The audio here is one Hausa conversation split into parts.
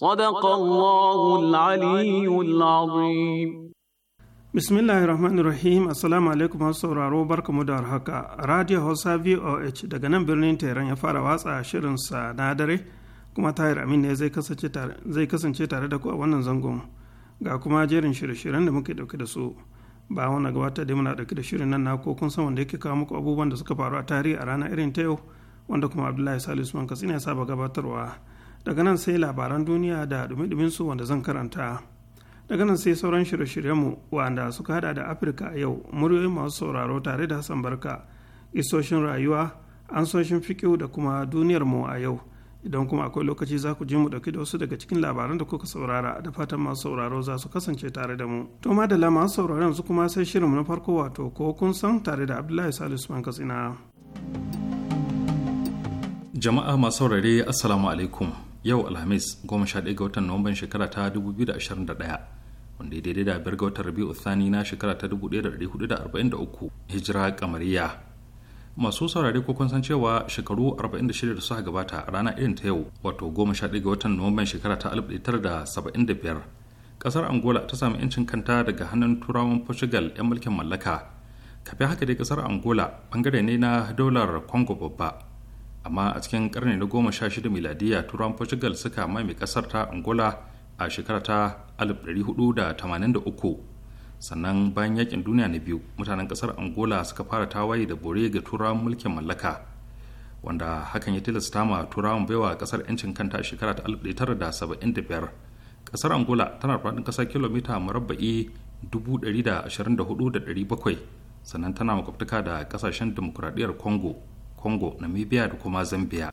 صدق الله العلي العظيم Bismillahir Rahmanir Rahim Assalamu alaikum masu sauraro barkamu da haka Radio Hausa VOH daga nan birnin tairan ya fara watsa shirinsa na dare kuma Tahir Amin ne zai kasance tare da ku a wannan zangon ga kuma jerin shirye-shiryen da muke dauke da su ba wani gabata da muna dauke da shirin nan na ko kun san wanda yake kawo muku abubuwan da suka faru a tarihi a ranar irin ta yau wanda kuma Abdullahi Salisu man Katsina ya saba gabatarwa daga nan sai labaran duniya da dumi su wanda zan karanta daga nan sai sauran shirye-shiryenmu wanda suka hada da afirka a yau muryoyin masu sauraro tare da hassan barka isoshin rayuwa an soshin da kuma duniyarmu a yau idan kuma akwai lokaci za ku ji mu dauki da wasu daga cikin labaran da kuka saurara da fatan masu sauraro za su kasance tare da mu to madala masu sauraron yanzu kuma sai shirinmu na farko wato ko kun san tare da abdullahi salisu man katsina jama'a masu saurare assalamu alaikum yau alhamis 11 ga watan nuwamban shekara ta 2021 wanda ya daidai da biyar ga watan rabi'u thani na shekara ta 1443 hijira kamariya masu saurare ko kun san cewa shekaru 46 da suka gabata a rana irin ta yau wato 11 ga watan nuwamban shekara ta 1975 kasar angola ta sami yancin kanta daga hannun turawan portugal 'yan mulkin mallaka kafin haka dai kasar angola bangare ne na dolar congo babba amma a cikin karni na goma sha shida miladiya turan portugal suka mai kasar ta angola a shekara ta 1483 sannan bayan yakin duniya na biyu mutanen kasar angola suka fara tawaye da bore ga turawan mulkin mallaka wanda hakan ya tilasta ma turawan baiwa kasar yancin kanta a shekara ta 1975 kasar angola tana faɗin ƙasar kilomita murabba'i 124,700 sannan tana makwabtaka da kasashen demokuraɗiyar congo congo namibia da kuma zambia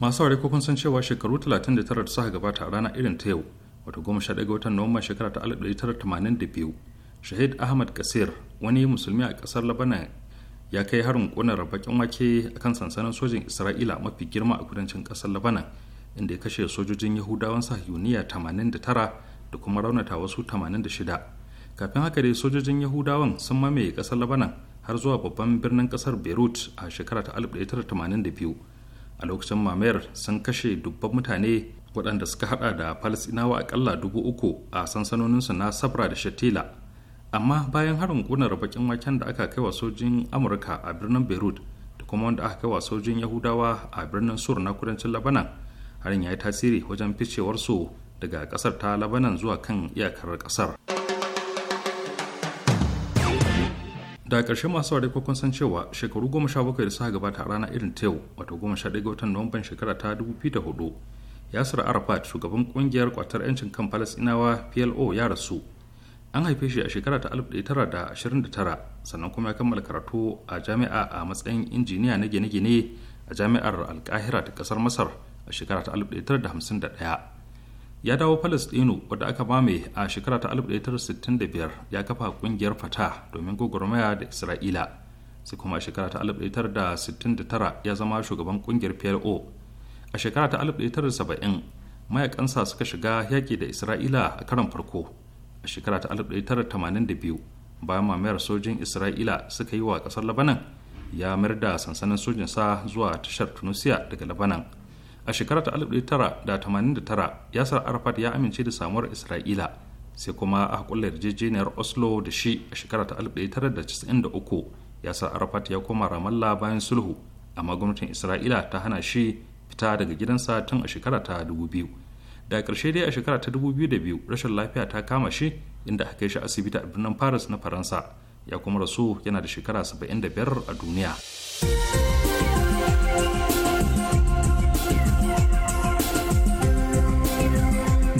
masu aure kun san cewa shekaru 39 da suka gabata a rana irin ta yau wata goma sha ga watan Nuwamba shekara ta 1982 shahid ahmad kasir wani musulmi a kasar labanan ya kai harin ƙunar bakin wake a kan sansanin sojin isra'ila mafi girma a kudancin kasar labanan inda ya kashe sojojin yahudawan sahiyuniya 89 da kuma raunata wasu 86 kafin haka dai sojojin yahudawan sun mamaye kasar labanan har zuwa babban birnin kasar beirut a shekara ta 1982 a lokacin mamayar sun kashe dubban mutane waɗanda suka hada da falasinawa akalla dubu uku a sansanoninsu na sabra da shatila amma bayan harin ƙunar bakin waken da aka kai wa sojin amurka a birnin beirut da kuma wanda aka kai wa sojin yahudawa a birnin sur na kudancin labanan harin ya yi tasiri wajen ficewarsu daga ƙasar ta labanan zuwa kan iyakar ƙasar da ƙarshe masu ware ko kun san cewa shekaru goma sha bakwai da suka gabata a rana irin ta yau wato goma sha ɗaya ga watan nuwamban shekara ta dubu biyu da hudu yasir arafat shugaban ƙungiyar kwatar 'yancin kan palestinawa plo ya rasu an haife shi a shekara ta 1929 sannan kuma ya kammala karatu a jami'a a matsayin injiniya na gine-gine a jami'ar alkahira ta kasar masar a shekara ta 1951 ya dawo palestino wadda aka mame a shekara ta 1965 ya kafa kungiyar fata domin gwagwarmaya da isra'ila sai kuma a shekara ta 1969 ya zama shugaban kungiyar plo a shekara ta 1970 mayakansa suka shiga yaƙi da isra'ila a karon farko a shekara ta 1982 bayan mamayar sojin isra'ila suka yi wa ƙasar labanan ya mayar da sansanin sojinsa zuwa tashar tunisia daga labanan a shekarar ta 1989 yasar arafat ya amince da samuwar isra'ila sai kuma a kulle yarjejeniyar oslo da shi a shekarar ta 1993 yasar arafat ya koma ramallah bayan sulhu amma gwamnatin isra'ila ta hana shi fita daga gidansa tun a shekara ta 2000 da ƙarshe dai a shekara ta 2002 rashin lafiya ta kama shi inda aka kai shi asibiti a birnin paris na faransa ya kuma rasu yana da shekara 75 a duniya.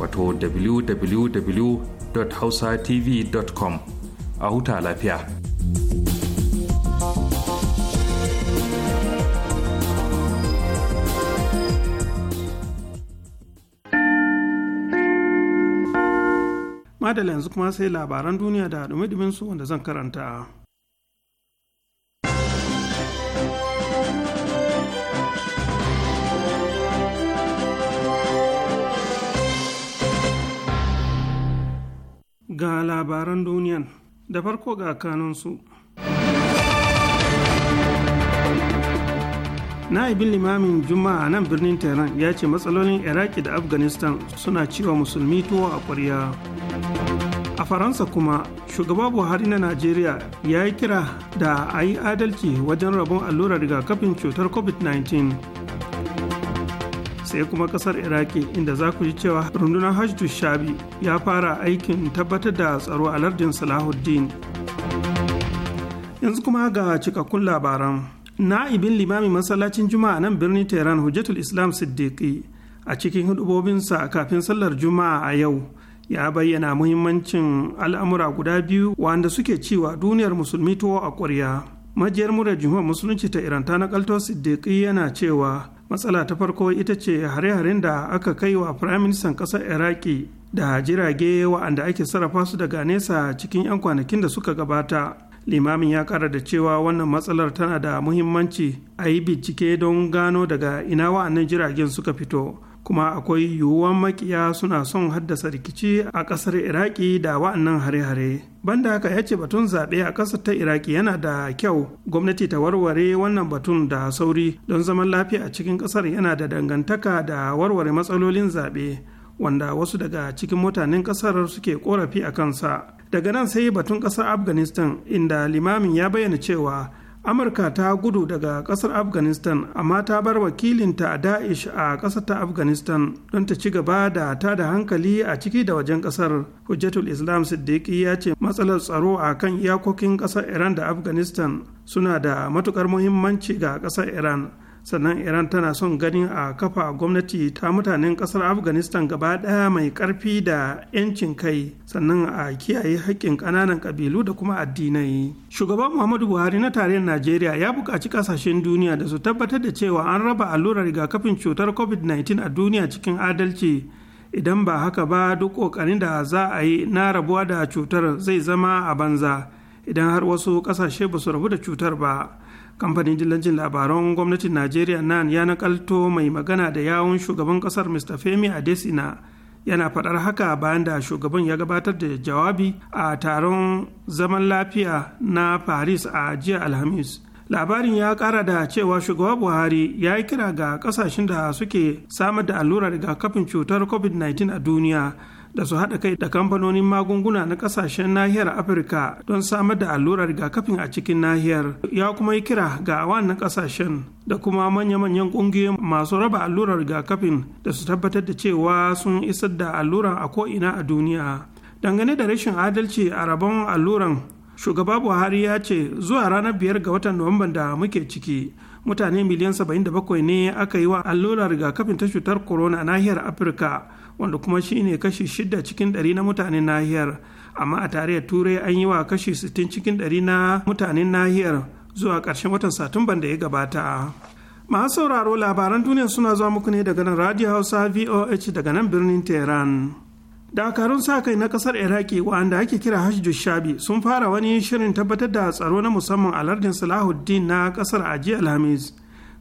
wato www.hausatv.com a huta lafiya. Madalla yanzu kuma sai labaran duniya da dumi su wanda zan karanta. ga labaran duniyan da farko ga kanunsu na'ibin limamin juma'a nan birnin tehran ya ce matsalolin iraki da afghanistan suna ciwa musulmi tuwo a ƙwarya a faransa kuma shugaba buhari na najeriya ya yi kira da a yi adalci wajen rabon allurar rigakafin cutar covid-19 sai kuma kasar iraki inda za ku ji cewa rundunar Hajji shabi ya fara aikin tabbatar da tsaro a lardin salahuddin yanzu kuma ga cikakkun labaran na'ibin limamin masallacin juma'a nan birnin tehran hujjatul islam siddiqi a cikin hudubobinsa kafin sallar juma'a a yau ya bayyana muhimmancin al'amura guda biyu wanda suke cewa duniyar musulmi tuwo a ƙwarya majiyar murar jihar musulunci ta iran ta kalto siddiqi yana cewa matsala ta farko ita ce hare-haren da aka kai wa firaministan ƙasar iraki da jirage wa'anda ake sarrafa su daga nesa cikin 'yan kwanakin da suka gabata limamin ya kara da cewa wannan matsalar tana da muhimmanci a yi bincike don gano daga ina wa'annan jiragen suka fito kuma akwai yiwuwan makiya suna son haddasa rikici a ƙasar iraki da wa'annan hare-hare banda haka ya ce batun zaɓe a ƙasar ta iraki yana da kyau gwamnati ta warware wannan batun da sauri don zaman lafiya a cikin ƙasar yana da dangantaka da warware matsalolin zaɓe wanda wasu daga cikin mutanen ƙasar suke korafi a kansa daga nan sai batun ƙasar afghanistan inda limamin ya bayyana cewa amurka ta gudu daga kasar afghanistan amma ta bar wakilinta a daesh a kasar ta afghanistan don ta ci gaba da ta da hankali a ciki da wajen kasar hujjatul islam siddiqi ya ce matsalar tsaro a kan iyakokin kasar iran da afghanistan suna da matukar muhimmanci ga kasar iran sannan iran tana son ganin a kafa gwamnati ta mutanen kasar afghanistan gaba daya mai karfi da 'yancin kai sannan a kiyaye haƙƙin ƙananan ƙabilu da kuma addinai shugaban muhammadu buhari na tarayyar najeriya ya buƙaci ƙasashen duniya da su tabbatar da cewa an raba allurar rigakafin cutar covid-19 a duniya cikin adalci idan ba haka ba duk ƙoƙarin da za a yi na rabuwa da cutar zai zama a banza idan har wasu ƙasashe ba su rabu da cutar ba kamfanin dillancin labaran gwamnatin najeriya nan ya nakalto mai magana da yawun shugaban kasar mr femi adesina yana faɗar haka bayan da shugaban ya gabatar da jawabi a taron zaman lafiya na paris a jiya alhamis labarin ya kara da cewa shugaba buhari ya yi kira ga kasashen da suke samar da allurar rigakafin cutar covid-19 a duniya da su haɗa kai da kamfanonin magunguna na ƙasashen nahiyar afirka don samar da allurar rigakafin a cikin nahiyar ya kuma yi kira ga na ƙasashen da kuma manya-manyan ƙungiyoyin masu raba allurar rigakafin da su tabbatar da cewa sun isar da allurar a ko'ina a duniya dangane da rashin adalci a rabon alluran shugaba buhari ya ce zuwa ranar biyar ga watan nuwamban da muke ciki mutane miliyan 77 ne aka yi wa allurar rigakafin ta cutar corona a nahiyar afirka wanda kuma shine kashi shida cikin ɗari na mutanen nahiyar amma a tarayyar turai an yi wa kashi 60 cikin ɗari na mutanen nahiyar zuwa ƙarshen watan satumban da ya gabata masu sauraro labaran duniya suna zuwa muku ne daga nan radio hausa voh daga nan birnin tehran dakarun sa kai na kasar iraki wanda ake kira hajju shabi sun fara wani shirin tabbatar da tsaro na musamman a lardin salahuddin na kasar aji alhamis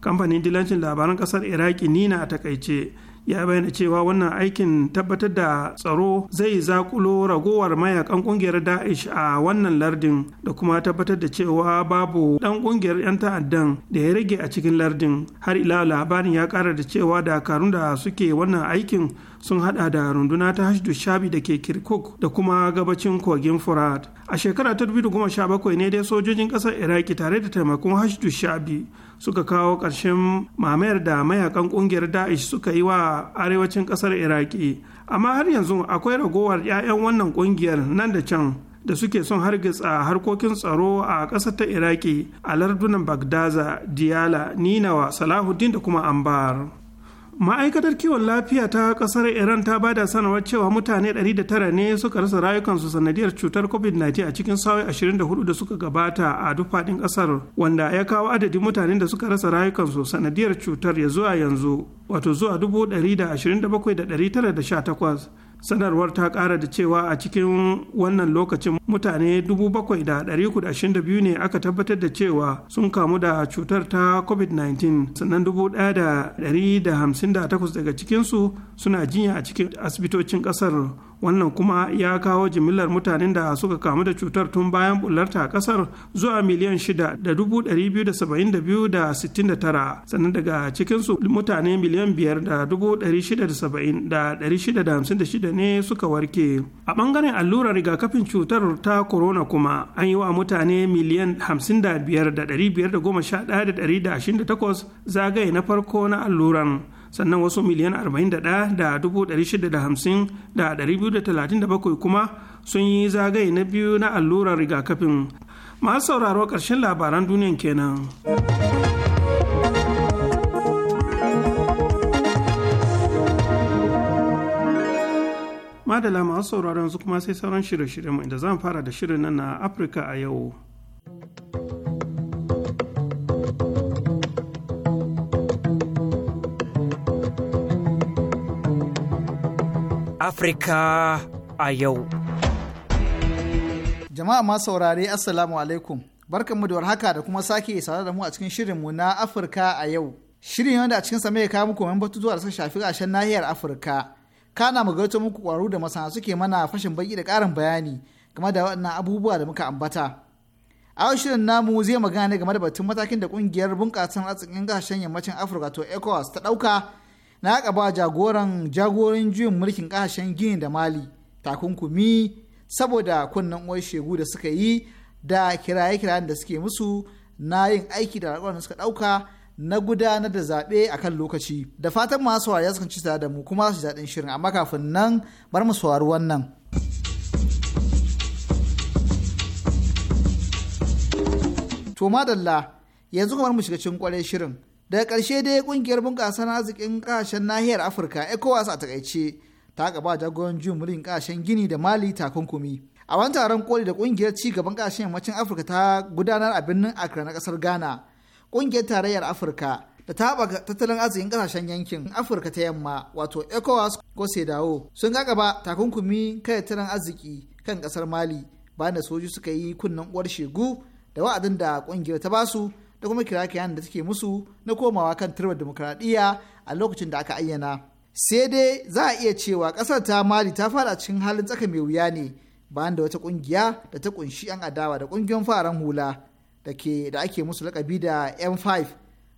kamfanin dilancin labaran kasar iraki nina a takaice ya bayyana cewa wannan aikin tabbatar da tsaro zai zakulo ragowar mayakan kungiyar da'ish a wannan lardin da kuma tabbatar da cewa babu dan kungiyar 'yan ta'addan da ya rage a cikin lardin har ila labarin ya kara da cewa dakarun da suke wannan aikin sun hada da runduna ta hashdu shabi da ke kirkuk da kuma gabacin kogin furat a shekara ta 2017 ne dai sojojin kasar iraki tare da taimakon hashdu shabi suka kawo ƙarshen mamayar da mayakan kungiyar da'ish suka yi wa arewacin kasar iraki amma har yanzu akwai ragowar 'ya'yan wannan kungiyar nan da can da suke son hargitsa harkokin tsaro a ƙasar ta iraki a lardunan bagdaza diyala ninawa salahuddin da kuma ambar ma'aikatar kiwon lafiya ta kasar iran ta bada sanarwar cewa mutane 109 ne suka rasa rayukansu sanadiyar cutar covid-19 a cikin sa'o'i 24 da suka gabata a duk faɗin ƙasar wanda ya kawo adadin mutanen da suka rasa rayukansu sanadiyar cutar ya zuwa yanzu wato zuwa sanarwar ta kara da cewa a cikin wannan lokacin mutane 7,322 ne aka tabbatar da cewa sun kamu da cutar ta covid-19 sannan 1,158 daga cikinsu suna jinya a cikin asibitocin kasar wannan kuma ya kawo jimillar mutanen da suka kamu da cutar tun bayan bullarta a kasar zuwa miliyan shida da dubu ɗari biyu da saba'in da biyu da sittin da tara sannan daga cikinsu mutane miliyan biyar da dubu ɗari shida da saba'in da ɗari shida da hamsin da shida ne suka warke a ɓangaren allurar rigakafin cutar ta corona kuma an yi wa mutane miliyan hamsin da biyar da ɗari biyar da goma sha ɗaya da ɗari da ashirin da takwas zagaye na farko na alluran sannan wasu miliyan 41,650,237 kuma sun yi zagaye na biyu na allurar rigakafin masu sauraro ƙarshen labaran duniyan kenan. madala masu sauraron su kuma sai sauran shirye-shiryen inda zan fara da shirin nan na afirka a yau Afirka a yau. Jama'a ma saurare Assalamu alaikum. Barkanmu da warhaka da kuma sake saurare da mu a cikin mu na Afirka a yau. Shirin da a cikin same kawo muku man batutuwa da suka shafi ƙarshen nahiyar Afirka. Kana mu gaito muku kwaro da masana suke mana fashin baki da karin bayani game da waɗannan abubuwa da muka ambata. A shirin namu zai magana ne game da batun matakin da ƙungiyar bunƙasar arzikin ƙasashen yammacin Afirka to ECOWAS ta ɗauka na ba jagoran jagoran juyin mulkin kasashen gini da mali takunkumi saboda kunnan uwar shegu da suka yi da kiraye-kirayen da suke musu na yin aiki da da suka ɗauka na gudanar da zaɓe a kan lokaci da fatan masu ya sukan ci da mu kuma su daɗin shirin amma kafin nan bar mu saurari wannan. to madalla yanzu kamar mu shiga cikin kwarai shirin daga ƙarshe dai kungiyar bunƙasa arzikin ƙasashen nahiyar afirka ecowas a takaice ta gaba jagoran jin mulkin ƙasashen gini da mali takunkumi a wani taron koli da ƙungiyar ci gaban ƙasashen yammacin afirka ta gudanar a birnin accra na ƙasar ghana ƙungiyar tarayyar afirka da ta haɓaka tattalin arzikin ƙasashen yankin afirka ta yamma wato ecowas ko sedao sun ga gaba takunkumi kai tattalin arziki kan ƙasar mali bayan da soji suka yi kunnen uwar shegu da wa'adin da ƙungiyar ta basu da kuma kayan da suke musu na komawa kan turbar demokuraɗiyya a lokacin da aka ayyana sai dai za a iya cewa ƙasar ta mali ta fada cikin halin tsaka mai wuya ne bayan da wata ƙungiya da ta ƙunshi 'yan adawa da ƙungiyar fararen hula da ke da ake musu lakabi da m5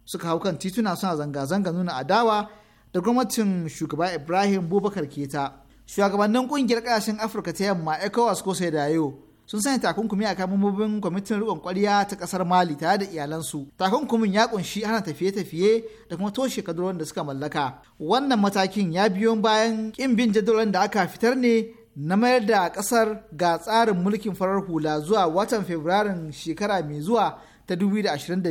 suka hau kan tituna suna zanga-zanga nuna adawa da gwamnatin shugaba ibrahim bubakar keta shugabannin ƙungiyar ƙasashen afirka ta yamma ecowas ko sai da yau sun sanya takunkumi a kan mabobin kwamitin riƙon kwariya ta ƙasar mali tare da iyalansu takunkumin ya kunshi hana tafiye-tafiye da kuma toshe kadurwan da suka mallaka wannan matakin ya biyo bayan ƙin bin jadawalin da aka fitar ne na mayar da ƙasar ga tsarin mulkin farar hula zuwa watan fabrairun shekara mai zuwa ta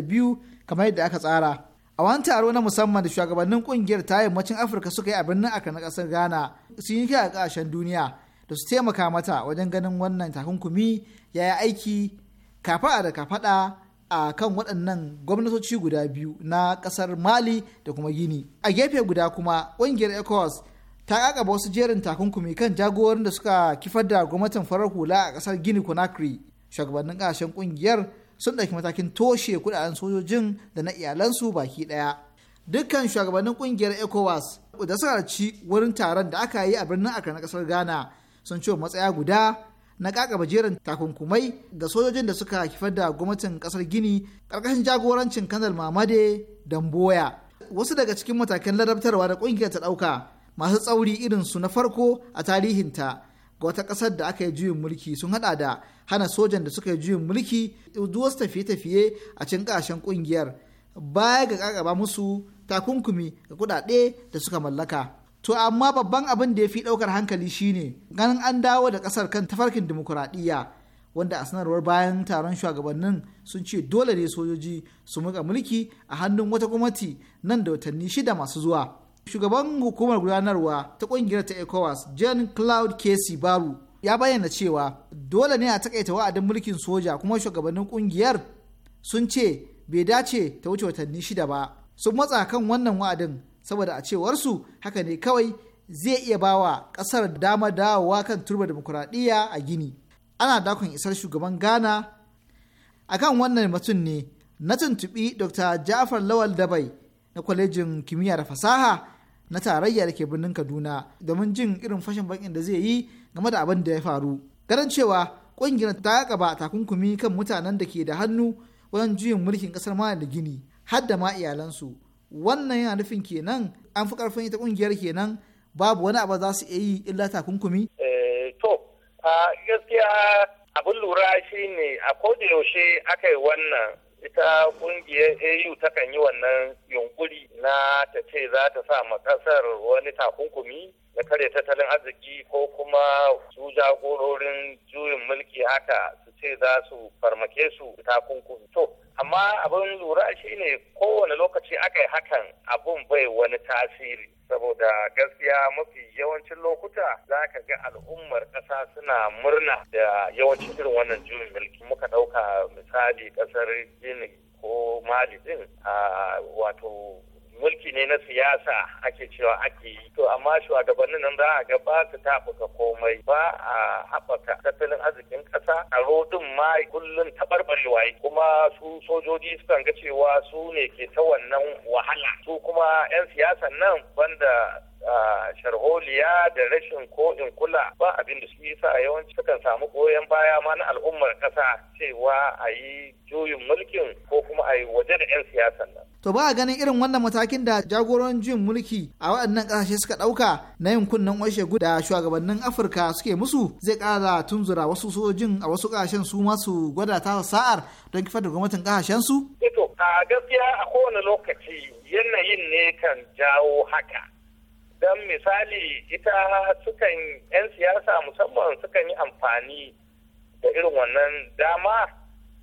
biyu, kamar yadda aka tsara a wani taro na musamman da shugabannin kungiyar ta yammacin afirka suka yi a birnin aka na ƙasar ghana sun yi kai a ƙasashen duniya da su taimaka mata wajen ganin wannan takunkumi ya yi aiki kafaɗa da kafaɗa a kan waɗannan gwamnatoci guda biyu na ƙasar mali da kuma gini a gefe guda kuma ƙungiyar ecowas ta ƙaƙaba wasu jerin takunkumi kan jagorin da suka kifar da gwamnatin farar hula a ƙasar gini conakry shugabannin ƙasashen ƙungiyar sun ɗauki matakin toshe kuɗaɗen sojojin da na iyalansu baki ɗaya dukkan shugabannin ƙungiyar ecowas da suka ci wurin taron da aka yi a birnin akra na ƙasar ghana sun ce matsaya guda na kakaba jerin takunkumai ga sojojin da suka kifar da gwamnatin kasar gini karkashin jagorancin kanal mamade damboya wasu daga cikin matakan larabtarwa da kungiyar ta dauka masu tsauri irin su na farko a tarihinta ga wata kasar da aka yi juyin mulki sun hada da hana sojan da suka yi juyin mulki wasu tafiye-tafiye a cikin kashen kungiyar baya ga kakaba musu takunkumi ga kudade da suka mallaka to amma babban abin da ya fi ɗaukar hankali shine ganin an dawo da ƙasar kan tafarkin dimokuraɗiyya wanda a sanarwar bayan taron shugabannin sun ce dole ne sojoji su muka mulki a hannun wata gwamnati nan da watanni shida masu zuwa shugaban hukumar gudanarwa ta kungiyar ta ecowas john cloud casey baru ya bayyana cewa dole ne a takaita wa'adin mulkin soja kuma shugabannin ƙungiyar sun ce bai dace ta wuce watanni shida ba sun matsa kan wannan wa'adin saboda a cewarsu haka ne kawai zai iya bawa ƙasar dama dawowa kan turba demokuraɗiyya a gini ana dakon isar shugaban ghana a kan wannan mutum ne na tuntuɓi dr jafar lawal dabai na kwalejin kimiyya da fasaha na tarayya da ke birnin kaduna domin jin irin fashin bakin da zai yi game da abin da ya faru ganin cewa ƙungiyar ta gaba takunkumi kan mutanen da ke da hannu wajen juyin mulkin ƙasar mali da gini har da ma iyalansu wannan yana nufin kenan an fi karfin ita kungiyar kenan babu wani abu za su iya yi illa takunkumi eh, to gaskiya abin lura shi ne a koda yaushe aka yi wannan ita kungiyar au ta kan yi wannan yunkuri na ta ce za ta sa ma kasar wani takunkumi da kare tattalin arziki ko kuma su jagororin juyin mulki haka su ce za su farmake su takunkumi to amma abin lura shi shine kowane lokaci aka yi hakan abun bai wani tasiri saboda gaskiya mafi yawancin lokuta za ka ga al'ummar ƙasa suna murna da yawancin irin wannan juyin mulki muka ɗauka misali ƙasar gini ko mali din wato mulki ne na siyasa ake cewa ake yi to amma shugabannin nan za a ga ba su tafuka komai ba a haɓaka tattalin arzikin ƙasa a rodin ma kullum taɓarɓarewa kuma su sojoji sukan ga cewa su ne ke ta wannan wahala su kuma 'yan siyasan nan banda sharholiya da rashin ko in kula ba abin da su yi sa yawanci sukan samu goyon baya ma na al'ummar ƙasa cewa a yi juyin mulkin ko kuma a yi waje da 'yan siyasan nan. To ba a ganin irin wannan matakin da jagoran juyin mulki a waɗannan ƙasashe suka ɗauka na yin kunnen washe guda shugabannin Afirka suke musu zai ƙara tunzura wasu sojin a wasu ƙasashen su masu gwada ta sa'ar don kifar da gwamnatin ƙasashen su? Ito, eh a gaskiya a kowane lokaci yanayin ne kan jawo haka. don misali ita sukan 'yan siyasa musamman sukan yi amfani da irin wannan dama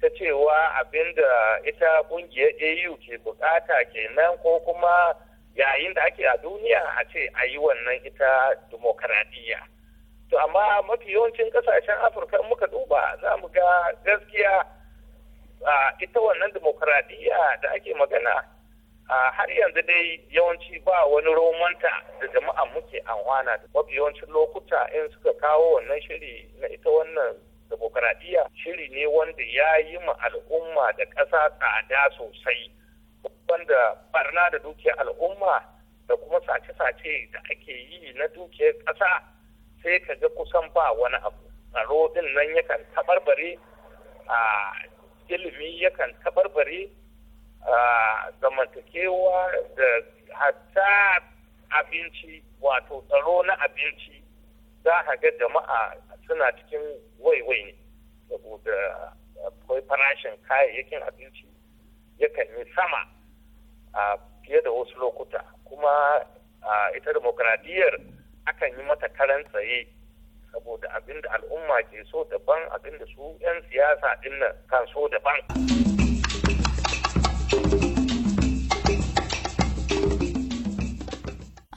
ta cewa abinda ita kungiyar au ke bukata kenan ko kuma yayin da ake a duniya a ce a yi wannan ita demokaradiyya to amma mafi yawancin kasashen afirka muka duba za mu ga gaskiya ita wannan demokaradiyya da ake magana har yanzu dai yawanci ba wani romanta da jama'a muke amfana da mafi yawancin lokuta in suka kawo wannan shiri na ita wannan demokaradiyya shiri ne wanda ya yi ma al'umma da ƙasa tsada sosai wanda barna da dukiyar al'umma da kuma sace-sace da ake yi na dukiyar ƙasa sai ka ga kusan ba wani abu tsaro din nan yakan tabarbare a ilimi yakan tabarbare zamantakewa da hatta abinci wato tsaro na abinci za a ga jama'a suna cikin waiwai ne saboda akwai farashin kayayyakin abinci yakan yi sama a fiye da wasu lokuta kuma ita demokradiyyar akan yi mata karan tsaye saboda abinda al'umma ke so daban abinda su 'yan siyasa dinnan kan so daban.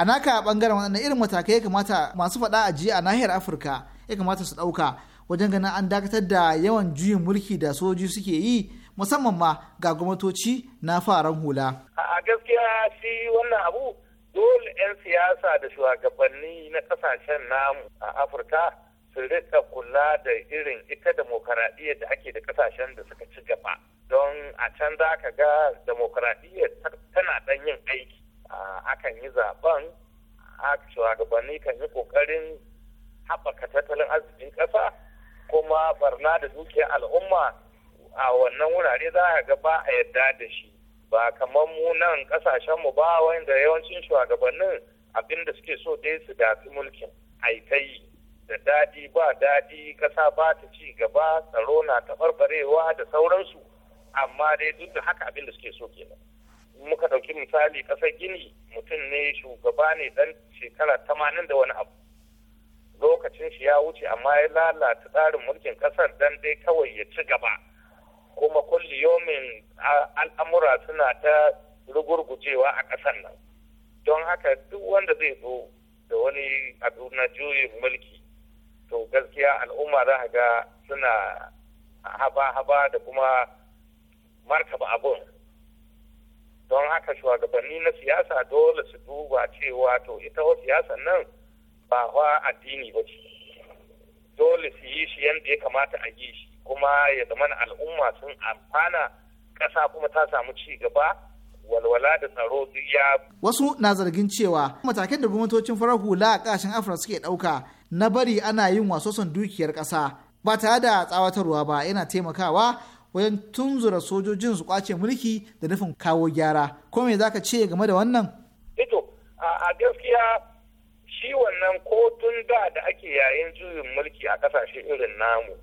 a naka a bangaren wadannan irin matakai ya kamata masu faɗa a jiya a nahiyar afirka ya kamata su ɗauka wajen ganin an dakatar da yawan juyin mulki da sojoji suke yi musamman ma ga gwamnatoci na faran hula a gaskiya shi wannan abu dole 'yan siyasa da shugabanni na kasashen namu a afirka su rika kula da irin ita demokaradiyyar da ake da kasashen da suka ci gaba don a can za ka ga demokaradiyyar tana dan yin aiki A kan yi zaben shugabanni kan yi kokarin haɓaka tattalin arzikin ƙasa kuma barna da dukiya al'umma a wannan wurare za a ga ba a yarda da shi ba kamar mu nan mu ba wanda yawancin shugabannin abinda suke so dai su gafi mulkin aikai da daɗi ba daɗi ƙasa ba ta ci gaba tsaro na taɓarɓarewa da sauransu amma dai duk da haka abin da suke so kenan muka ɗauki misali ƙasar gini mutum ne shugaba ne ɗan shekara tamanin da wani abu lokacin shi ya wuce amma ya lalata tsarin mulkin ƙasar dan dai kawai ya ci gaba kuma kulli yomin al'amura suna ta rugurgujewa a ƙasar nan don haka duk wanda zai zo da wani abu na juyin mulki to gaskiya al'umma za ga suna haba-haba da kuma markaba abun don haka shugabanni na siyasa dole su duba cewa to ita wa siyasa nan ba wa addini ba ce dole su yi shi yadda ya kamata a yi shi kuma ya zama al'umma sun amfana ƙasa kuma ta samu ci gaba walwala da tsaro duk ya wasu na zargin cewa matakan da gwamnatocin farar hula a ƙasashen afirka suke ɗauka na bari ana yin wasosan dukiyar ƙasa ba tare da tsawatarwa ba yana taimakawa wajen tunzura sojojin su kwace mulki da nufin kawo gyara ko me zaka ce game da wannan ito eh a gaskiya shi wannan kotun da da ake yayin juyin mulki a kasashe irin namu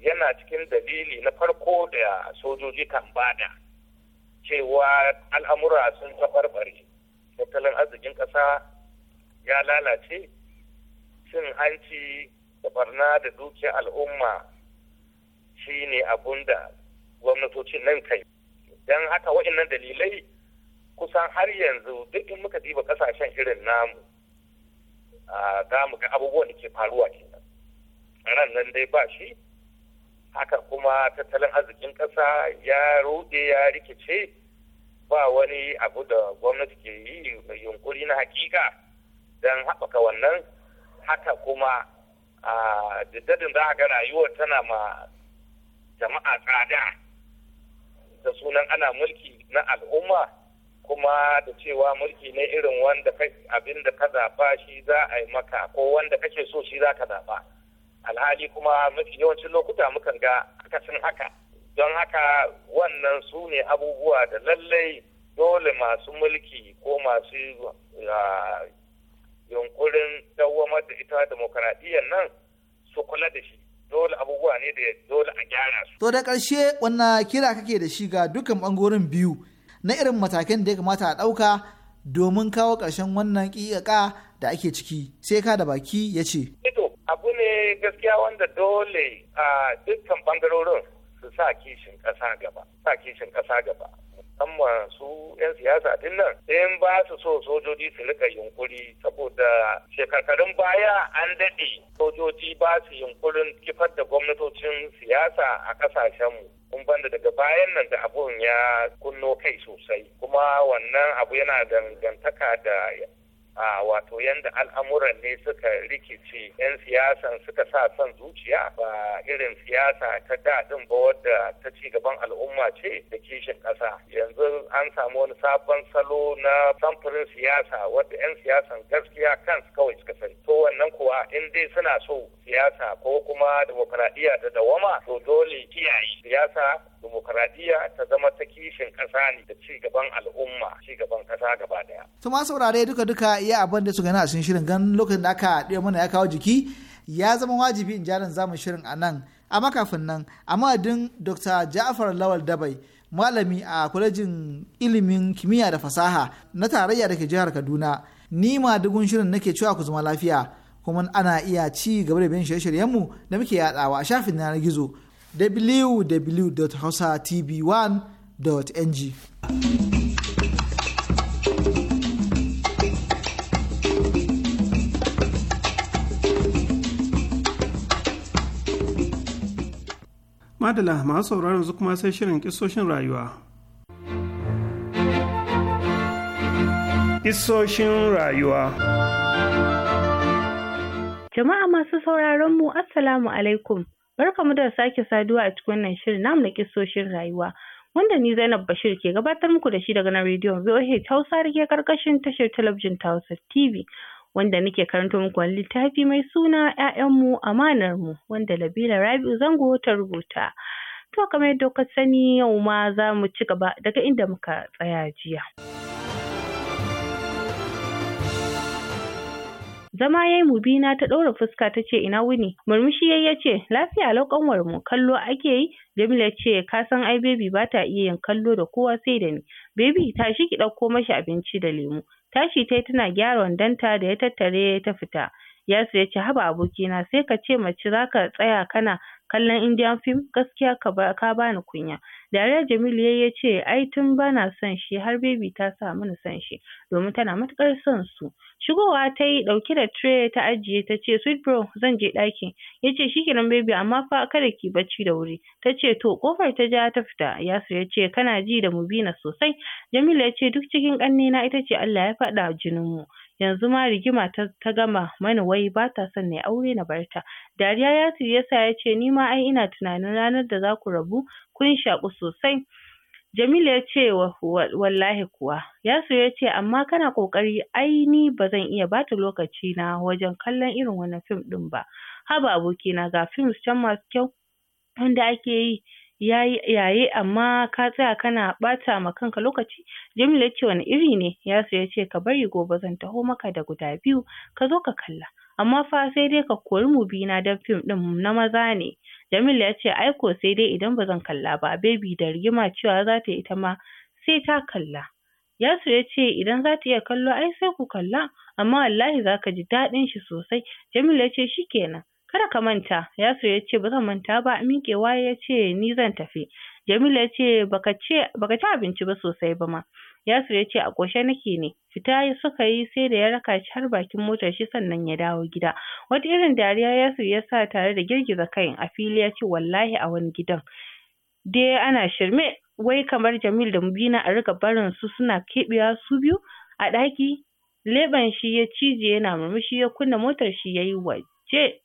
yana cikin dalili na farko da sojoji kan bada cewa al'amura sun tabarbare tattalin arzikin ƙasa ya lalace cin hanci da barna da dukiyar al'umma shi ne abun da gwamnatocin nan kai don haka waɗannan dalilai kusan har yanzu duk in muka diba kasashen irin namu za mu ga abubuwan da ke faruwa kenan ran nan dai ba shi haka kuma tattalin arzikin ƙasa ya rude ya rikice ba wani abu da gwamnati ke yi mai yunkuri na hakika don haɓaka wannan haka kuma a daddadin za a ga rayuwar tana ma jama'a tsada da sunan ana mulki na al'umma kuma da cewa mulki ne irin wanda abin da ka zaɓa shi za a yi maka ko wanda kake so shi za ka zaɓa alhali kuma mafi yawancin lokuta mukan ga akasin haka don haka wannan su ne abubuwa da lallai dole masu mulki ko masu yunkurin dawamar da ita demokaradiyyar nan su kula da shi dole abubuwa ne da dole a gyara su. To da ƙarshe wanne kira kake da shi ga dukkan ɓangoren biyu na irin matakan da ya kamata a ɗauka domin kawo ƙarshen wannan ƙiƙaƙa da ake ciki sai ka da baki ya ce. Ito eh abu ne gaskiya wanda dole a ah, dukkan ɓangarorin su sa kishin ƙasa Sa kishin ƙasa gaba. musamman su 'yan siyasa din nan in ba su so sojoji su rika yunkuri saboda shekarkarun baya an daɗe sojoji ba su yunkurin kifar da gwamnatocin siyasa a ƙasashenmu kun banda daga bayan nan da abun ya kunno kai sosai kuma wannan abu yana dangantaka da a wato yanda al'amuran ne suka rikici 'yan siyasan suka sa son zuciya ba irin siyasa ta daɗin ba wadda ta ci gaban al'umma ce da kishin ƙasa yanzu an samu wani sabon salo na samfurin siyasa wadda 'yan siyasan gaskiya kansu kawai suka sani to wannan kuwa in dai suna so siyasa ko kuma demokradiyya da dawama to dole kiyaye siyasa demokaradiyya ta zama ta kishin ƙasa ne da ci gaban al'umma ci gaban ƙasa gaba daya. to ma saurare duka duka iya abin da suka na cikin shirin gan lokacin da aka dawo mana ya kawo jiki ya zama wajibi in jarin zamu shirin a nan a makafin nan a madin dr ja'far lawal dabai malami a kwalejin ilimin kimiyya da fasaha na tarayya da ke jihar kaduna ni ma dugun shirin nake cewa ku zama lafiya kuma ana iya ci gaba da bin shirye-shiryenmu da muke yadawa a shafin yanar gizo www.hausatv1.ng Madala masu sauraron yanzu kuma sai shirin kisoshin rayuwa. Kisoshin rayuwa Jama'a masu sauraron mu Assalamu alaikum. Barkanmu da sake saduwa a cikin wannan shirin namu na kisoshin rayuwa. Wanda ni Zainab Bashir ke gabatar muku da shi daga nan rediyon VOH Hausa da ke karkashin tashar talabijin ta Hausa TV. Wanda nake karanto muku wani littafi mai suna ‘ya'yanmu amanarmu wanda Labila Rabi'u Zango ta rubuta. To kamar yadda kuka sani yau ma za mu ci gaba daga inda muka tsaya jiya. Zama yayi yi mubina ta ɗaura fuska ta ce ina wuni. Murmushi ya ce lafiya lau kanwar mu kallo ake yi. Jamila ce ka san ai baby ba ta iya yin kallo da kowa sai da ni. Baby tashi ki ɗauko mashi abinci da lemu. Tashi ta yi tana gyara wandonta da ya tattare ta fita. Yasu ya ce haba abokina sai ka ce mace za ka tsaya kana kallon Indian film gaskiya ka bani kunya. Dariya Jamilu yayi yace ai tun bana son shi har Baby ta sa mana son shi domin tana matuƙar son su. Shigowa ta yi ɗauke da tire ta ajiye ta ce sweet bro zan je ɗaki. yace ce shi kenan Baby amma fa kada ki bacci da wuri. Ta ce to ƙofar ta ja ta fita. Yasir ya ce kana ji da mu Mubina sosai. Jamilu ya ce duk cikin ƙannena ita ce Allah ya faɗa jinin mu. yanzu ma rigima ta ta gama mani wai ba ta son nayi aure na barta dariya ya yasa yace nima ai ina tunanin ranar da zaku rabu kun shaƙu sosai Jamilu ya ce wallahi kuwa Yasir ya ce amma kana ƙoƙari ai ni ba zan iya bata lokaci na wajen kallon irin wannan fim ɗin ba haba abokina ga fim can masu kyau wanda ake yi yayi yaye amma ka tsaya kana ɓata ma kanka lokaci Jamilu ya ce wani iri ne Yasir ya ce ka bari gobe zan taho maka da guda biyu ka zo ka kalla amma fa sai dai ka kori mu bina don fim ɗin na maza ne Jamilu ya ce ai sai dai idan ba zan kalla ba bebi da rigima cewa za ta ita ma sai ta kalla Yasir ya ce idan za ta iya kallo ai sai ku kalla amma wallahi za ka ji daɗin shi sosai Jamilu ya ce shikenan kada ka manta Yasir ya ce ba zan manta ba miƙewa ya ce ni zan tafi Jamila ya ce baka ci abinci ba sosai ba ma Yasir ya ce a ƙoshe nake ne fita suka yi sai da ya raka shi har bakin motar shi sannan ya dawo gida wata irin dariya Yasir ya sa tare da girgiza kai a fili ya ce wallahi a wani gidan dai ana shirme wai kamar Jamil da Mubina a riga barin su suna keɓewa su biyu a ɗaki leban shi ya cije yana murmushi ya kunna motar shi yayi waje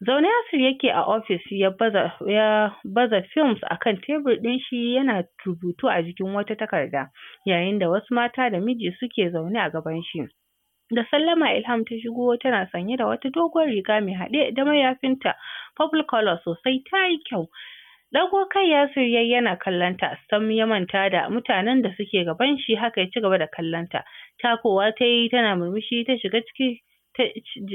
Zaune Yasir yake a ofis ya baza ya baza films kan tebur ɗin shi yana rubutu a jikin wata takarda yayin da wasu mata da miji suke zaune a gaban shi. Da sallama Ilham ta shigo tana sanye da wata doguwar riga mai haɗe da mayafinta purple color sosai ta yi kyau. Ɗago kai Yasir yayi yana kallonta, sam ya manta da mutanen da suke gaban shi haka ya ci gaba da kallonta. Takowa ta yi tana murmushi ta shiga ciki ta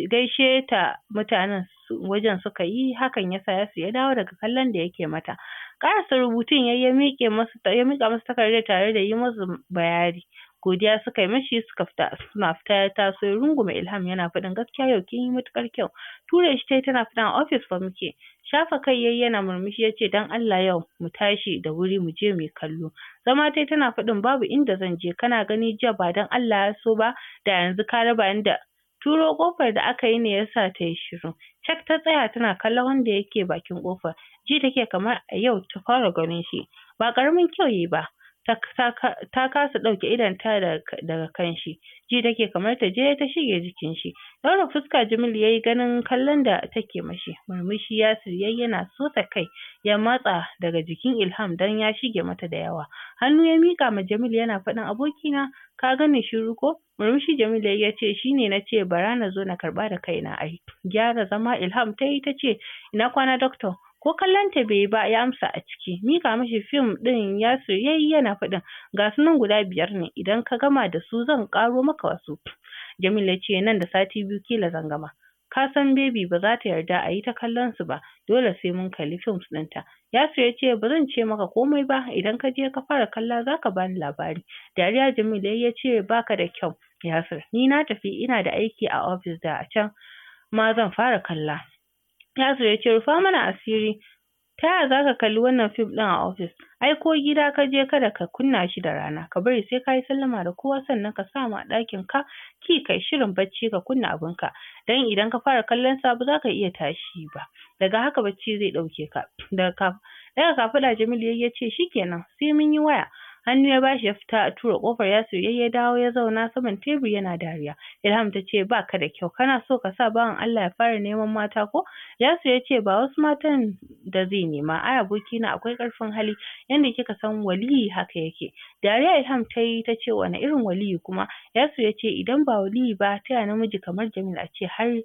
gaishe ta mutanen wajen suka yi hakan ya sa ya ya dawo daga kallon da yake mata. Ƙarasa rubutun ya ya miƙe masa miƙa masa takardar tare da yi masa bayani. Godiya suka yi mashi suka fita suna fita ya taso ya rungume Ilham yana faɗin gaskiya yau kin yi matuƙar kyau. Ture shi ta tana fita a ofis fa muke. Shafa kai yayi yana murmushi ya ce dan Allah yau mu tashi da wuri mu je mu kallo. Zama tai tana faɗin babu inda zan je kana gani jiya ba dan Allah ya so ba da yanzu ka raba ni da Turo ƙofar da aka yi ne ya sa ta yi shiru. Cak ta tsaya tana kallon wanda yake bakin ƙofar. Ji take kamar a yau ta fara ganin shi. Ba ƙaramin kyau yi ba. ta kasa ɗauke ta daga kan shi ji take kamar ta je ta shige jikin shi ɗaura fuska Jamilu yayi ganin kallon da take mashi murmushi ya yayi yana sosa kai ya matsa daga jikin Ilham dan ya shige mata da yawa hannu ya mika ma Jamilu yana faɗin abokina ka gane shiru ko murmushi Jamilu yayi yace shine nace bara na zo na karɓa da kaina ai gyara zama Ilham tayi tace ina kwana doctor ko kallon ta bai yi ba ya amsa a ciki mika mashi fim ɗin Yasir yayi yana faɗin ga su guda biyar ne idan ka gama da su zan ƙaro maka wasu Jamil ya ce nan da sati biyu kila zan gama ka san baby ba za ta yarda a yi ta kallon su ba dole sai mun kalli films ɗinta Yasir ya ce ba zan ce maka komai ba idan ka je ka fara kalla za ka bani labari dariya Jamil ya ce baka da kyau Yasir ni na tafi ina da aiki a ofis da a can ma zan fara kalla Yasir ya ce rufa mana asiri ta yaya za ka kalli wannan fim ɗin a ofis ai ko gida ka je kada ka kunna shi da rana ka bari sai ka yi sallama da kowa sannan ka sa a ɗakin ka ki kai shirin bacci ka kunna ka, dan idan ka fara kallon sa ba za ka iya tashi ba daga haka bacci zai ɗauke ka daga kafaɗa Jamilu ya ce shikenan sai mun yi waya hannu ya bashi ya fita a tura kofar Ya yayi ya dawo ya zauna saman tebur yana dariya Ilham ta ce ba ka da kyau kana so ka sa bawan Allah ya fara neman mata ko Yasir ya ce ba wasu matan da zai nema ai abokina akwai karfin hali yanda kika san waliyi haka yake dariya Ilham ta yi ta ce wani irin waliyi kuma Yasir ya ce idan ba waliyi ba taya namiji kamar Jamil a ce har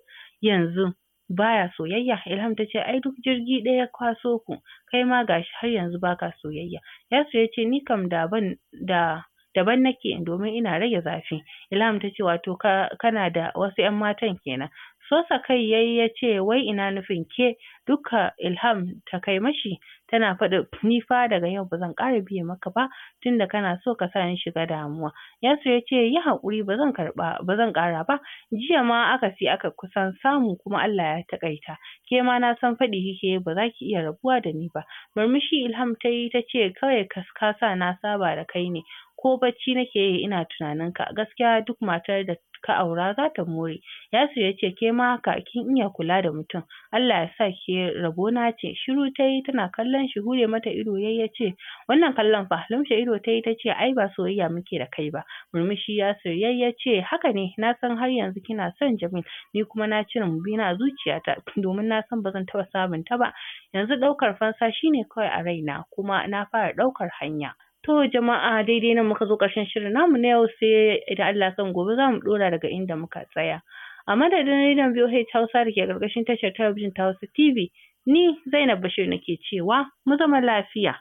yanzu baya soyayya Ilham ta ai duk jirgi ɗaya ya kwaso ku kai ma gashi har yanzu baka soyayya Yasu ya ce ni kam da ban da daban nake domin ina rage zafi Ilham ta wato ka kana da wasu 'yan matan kenan sosa kai yayi yace wai ina nufin ke Duka Ilham ta kai mashi tana faɗi ni fa daga yau bazan ƙara biye maka ba tunda kana so ka sa ni shiga damuwa yasu ya ce yi hakuri, bazan karɓa bazan ƙara ba jiya ma aka si aka kusan samu kuma Allah ya taƙaita ke ma na san faɗi kike ba za ki iya rabuwa da ni ba murmushi Ilham ta yi ta ce kawai ka sa na saba da kai ne ko bacci nake yi ina tunanin ka gaskiya duk matar da ka aura za ta more Yasir ya ce ke ma haka kin iya kula da mutum Allah ya sa ke na ce shiru ta yi tana kallon shi hure mata ido yayi ya ce wannan kallon fa lumshe ido ta yi ta ce ai ba soyayya muke da kai ba murmushi Yasir yayi ya ce haka ne na san har yanzu kina son Jamil ni kuma na cire mubina a zuciyata domin na san ba zan taɓa sabunta ba yanzu ɗaukar fansa shine kawai a raina kuma na fara ɗaukar hanya To jama'a daidai nan muka zo ƙarshen shirin namu na yau sai idan Allah san gobe za mu ɗora daga inda muka tsaya. A madadin rediyon VOH Hausa da ke ƙarƙashin tashar talabijin ta Hausa TV, ni Zainab Bashir nake cewa mu zama lafiya.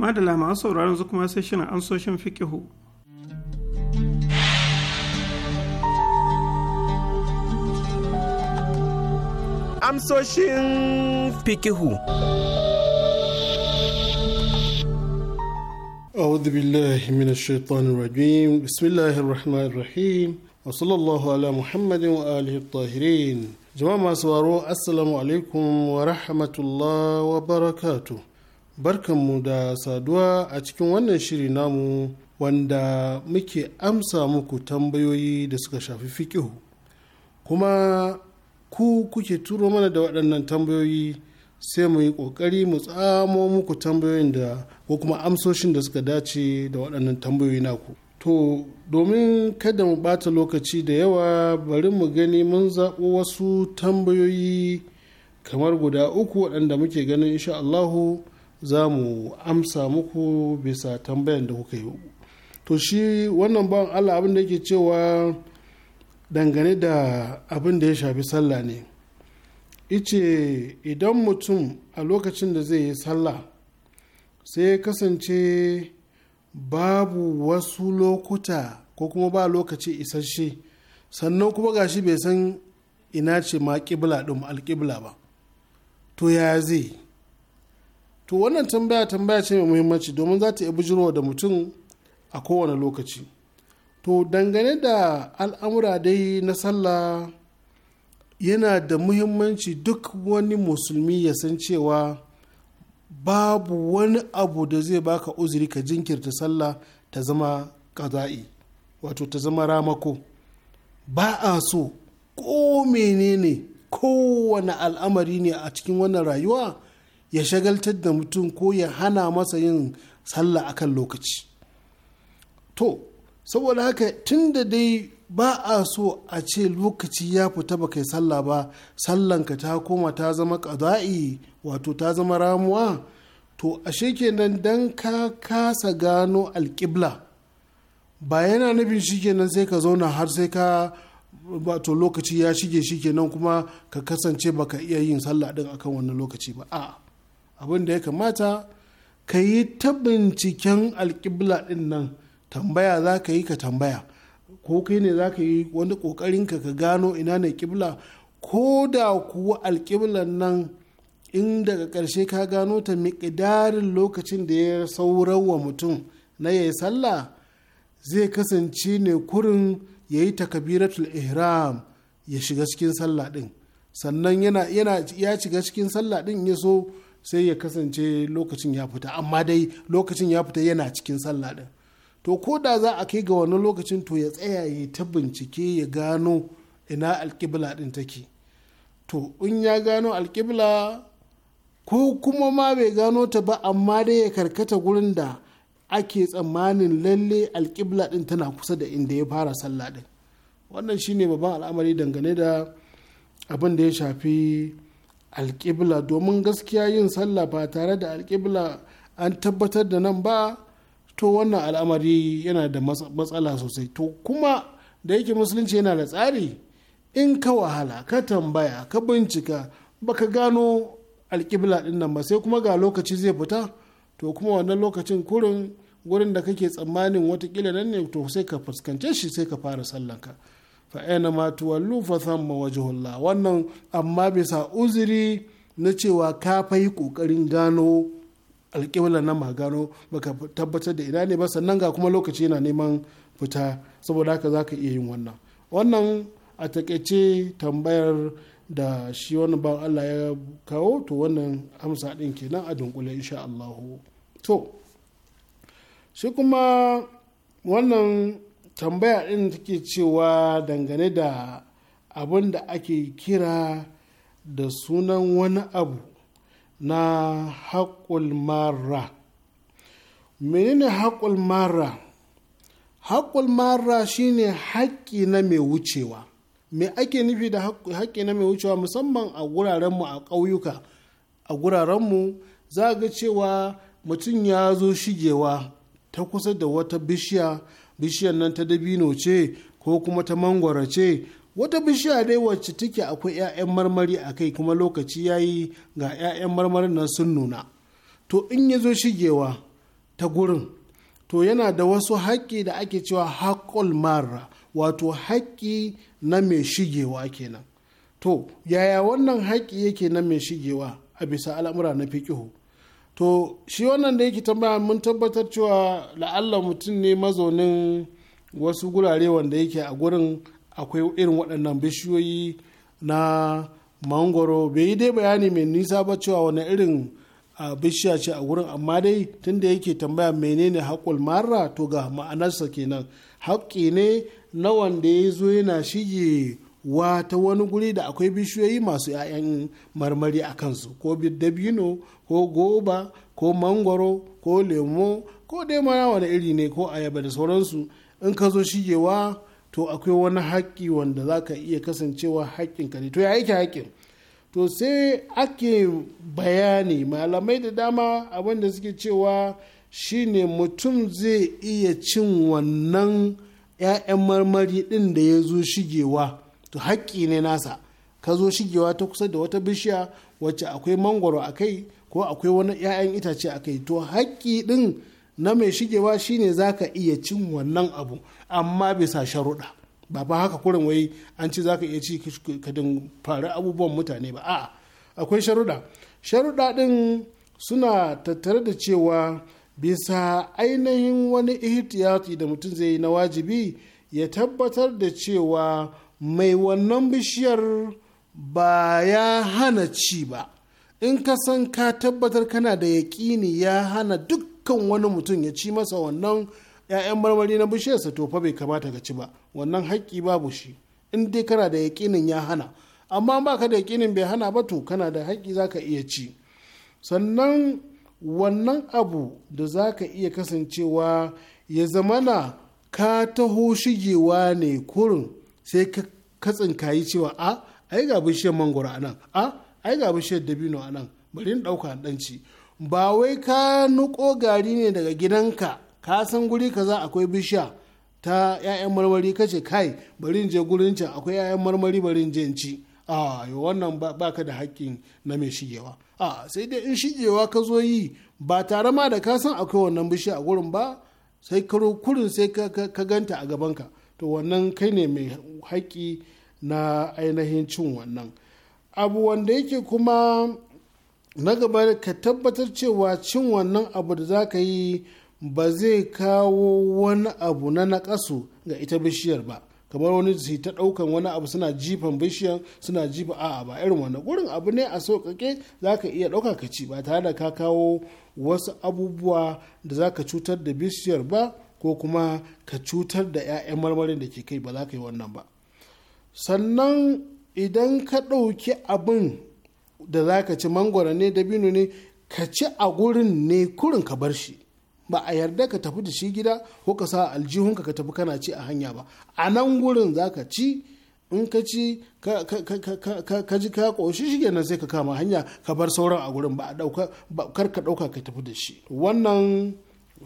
Madala masu sauraron yanzu ma sai shirin soshin fikihu. amsoshin fikihu. أعوذ بالله من الشيطان الرجيم بسم الله الرحمن الرحيم وصلى الله على محمد وآله الطاهرين jama'a masu waro assalamu alaikum barakatu da saduwa a cikin wannan shiri namu wanda muke amsa muku tambayoyi da suka shafi fikihu kuma ku kuke turo mana da waɗannan tambayoyi sai mu yi ƙoƙari mu tsamo muku tambayoyin da ko kuma amsoshin da suka dace da waɗannan tambayoyi naku to domin kada mu bata lokaci da yawa bari mu gani mun zaɓo wasu tambayoyi kamar guda uku waɗanda muke ganin insha Allahu za mu amsa muku bisa tambayan da kuka yi to shi wannan bawan Allah abin da yake cewa dangane da abin da ya shafi sallah ne ice idan mutum a lokacin da zai yi sallah sai ya kasance babu wasu lokuta ko kuma ba lokaci isasshe sannan kuma gashi bai san ina ce ma kibla ɗin alƙibla ba to ya zai to wannan tambaya tambaya ce mai muhimmanci domin za ta iya bujirwa da mutum a kowane lokaci to dangane da al'amura dai na sallah yana da muhimmanci duk wani musulmi ya san cewa babu wani abu da zai baka uzuri ka jinkirta sallah ta zama kaza'i wato ta zama ramako ba a so ko menene kowane al'amari ne a cikin wannan rayuwa ya shagaltar da mutum ko ya hana masa yin sallah akan lokaci to saboda haka tun da dai ba a so a ce lokaci ya fita ba kai sallah ba sallanka ta koma ta zama ƙada'i wato ta zama ramuwa to sheke kenan don ka kasa gano alƙibla ba yana nufin shikenan sai ka zauna har sai ka wato lokaci ya shige shikenan kuma ka kasance ba ka iya yin sallah din akan wannan lokaci ba a abin da ya kamata ka yi ta binciken alƙibla din nan tambaya za ka yi ka tambaya ko kai ne za ka yi wani kokarin ka ka gano ina ne kibla ko da kuwa alkiblan nan in daga karshe ka gano ta miƙidarin lokacin da ya saurawa wa mutum na yayi sallah zai kasance ne kurin ya yi takabiratul ihram ya shiga cikin sallah ɗin sannan yana ya shiga cikin sallah ɗin ya so sai ya kasance lokacin ya fita amma dai lokacin ya fita yana cikin sallah ɗin to ko da za a kai ga wani lokacin to ya tsaya ya ta bincike ya gano ina alkibla din take to in ya gano alkibla ko kuma ma bai gano ta ba amma dai ya karkata gurin da ake tsammanin lalle alkibla din tana kusa da inda ya fara sallah ɗin? wannan shine babban al'amari dangane da abin da ya shafi alkibla domin gaskiya yin sallah ba tare da alkibla an tabbatar da nan ba to wannan al'amari yana da matsala sosai to kuma da yake musulunci yana da tsari in ka wahala ka tambaya ka bincika baka gano alƙibla ɗin nan ba sai kuma ga lokaci zai fita to kuma wannan lokacin kurin gurin da kake tsammanin watakila nan ne to sai ka fuskance shi sai ka fara sallanka fa aina ma tuwallu fa thamma wajhullah wannan amma bisa uzuri na cewa ka fa yi kokarin gano alƙiblar nan ba gano baka tabbatar da ina ne ba sannan ga kuma lokaci yana neman fita saboda haka za ka iya yin wannan wannan a takaice tambayar da shi wani ban Allah ya kawo to wannan amsa ɗin kenan a dunkule insha Allahu to shi kuma wannan tambaya ɗin take cewa dangane da abin da ake kira da sunan wani abu na haƙul mara menene haƙul mara haƙul mara shine haƙƙi na mai wucewa me ake nufi da haƙƙi na mai wucewa musamman a gurarenmu a ƙauyuka a mu za ga cewa mutum ya zo shigewa ta kusa da wata bishiya bishiyar nan ta dabino ce ko kuma ta mangwara ce wata bishiya dai wacce take akwai 'ya'yan marmari a kai kuma lokaci ya yi ga 'ya'yan marmarin nan sun nuna to in ya zo shigewa ta gurin to yana da wasu haƙƙi da ake cewa haƙƙul marra wato haƙƙi na mai shigewa kenan to yaya wannan haƙƙi yake na mai shigewa a bisa al'amura na fiƙihu to shi wannan da yake tambaya mun tabbatar cewa la'alla mutum ne mazaunin wasu gurare wanda yake a gurin akwai irin waɗannan bishiyoyi na mangoro bai yi dai bayani mai nisa ba cewa wani irin bishiya ce a wurin amma dai tunda yake tambaya menene haƙul mara to ga ma'anarsa kenan haƙƙi ne na wanda ya zo yana shige wa ta wani guri da akwai bishiyoyi masu 'ya'yan marmari a kansu ko dabino ko goba ko mangoro ko lemo ko dai ma wani iri ne ko ayaba da sauransu in ka zo shigewa to akwai wani haƙƙi wanda za ka iya kasancewa haƙƙinka ne to ya yake haƙƙin to sai ake bayani malamai da dama abinda suke cewa shine mutum zai iya cin wannan 'ya'yan marmari ɗin da ya zo shigewa to haƙƙi ne nasa ka zo shigewa ta kusa da wata bishiya wacce akwai mangwaro a kai ko akwai wani 'ya'yan itace a kai to haƙƙi ɗin na mai shigewa shine za ka iya cin wannan abu amma bisa sharuɗa ba ba haka kurin wai an ci za ka iya ci ka fara abubuwan mutane ba a'a akwai sharuɗa sharuɗa ɗin suna tattare da cewa bisa ainihin wani ihtiyati da mutum zai yi na wajibi ya tabbatar da cewa mai wannan bishiyar ba ya hana ci ba in ka san ka tabbatar kana da yaƙini ya hana duk dukkan wani mutum ya ci masa wannan 'ya'yan marmari na bishiyarsa to fa bai kamata ka ci ba wannan haƙƙi babu shi in dai kana da yaƙinin ya hana amma ba ka da yaƙinin bai hana ba to kana da haƙƙi za ka iya ci sannan wannan abu da za ka iya kasancewa ya zamana ka taho shigewa ne kurin sai ka katsin kayi cewa a ai ga bishiyar mangoro a nan a ai ga bishiyar dabino a nan bari in ɗauka ɗanci ba wai ka nuko gari ne daga gidanka ka san guri kaza akwai bishiya ta 'ya'yan marmari kace kai bari je gurin can akwai 'ya'yan marmari bari je ci a wannan ba ka da haƙƙin na mai shigewa a sai dai in shigewa ka zo yi ba tare ma da ka san akwai wannan bishiya a gurin ba sai karo kurin sai ka ganta a gaban ka to wannan kai ne mai haƙƙi na ainihin cin wannan abu wanda yake kuma na gaba ka tabbatar cewa cin wannan abu da za ka yi ba zai kawo wani abu na nakasu ga ita bishiyar ba kamar wani su ta daukan wani abu suna jifan bishiyar suna jifa a'a ba irin wannan gurin abu ne a sauƙaƙe za ka iya ɗauka ka ci ba tare da ka kawo wasu abubuwa da za ka cutar da bishiyar ba ko kuma ka cutar da 'ya'yan marmarin da ke kai ba za ka yi wannan ba sannan idan ka ɗauki abin da za ka ci mangwara ne dabino ne ka ci a gurin ne kurin ka bar shi ba a yarda ka tafi da shi gida ko ka sa aljihunka ka tafi kana ci a hanya ba a nan gurin za ka ci in ka ci ka ji ka ƙoshi shi kenan sai ka kama hanya ka bar sauran a gurin ba a ɗauka kar ka ɗauka ka tafi da shi wannan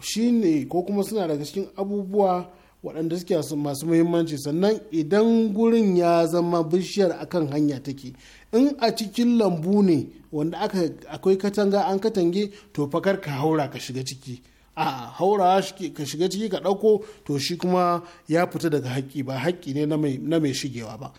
shi ne ko kuma suna daga cikin abubuwa waɗanda suke masu muhimmanci sannan idan gurin ya zama bishiyar akan hanya take in a cikin lambu ne wanda akwai katanga an katange to fakar ka haura ka shiga ciki a haura ka shiga ciki ka ɗauko to shi kuma ya fita daga haƙƙi ba haƙƙi ne na mai shigewa ba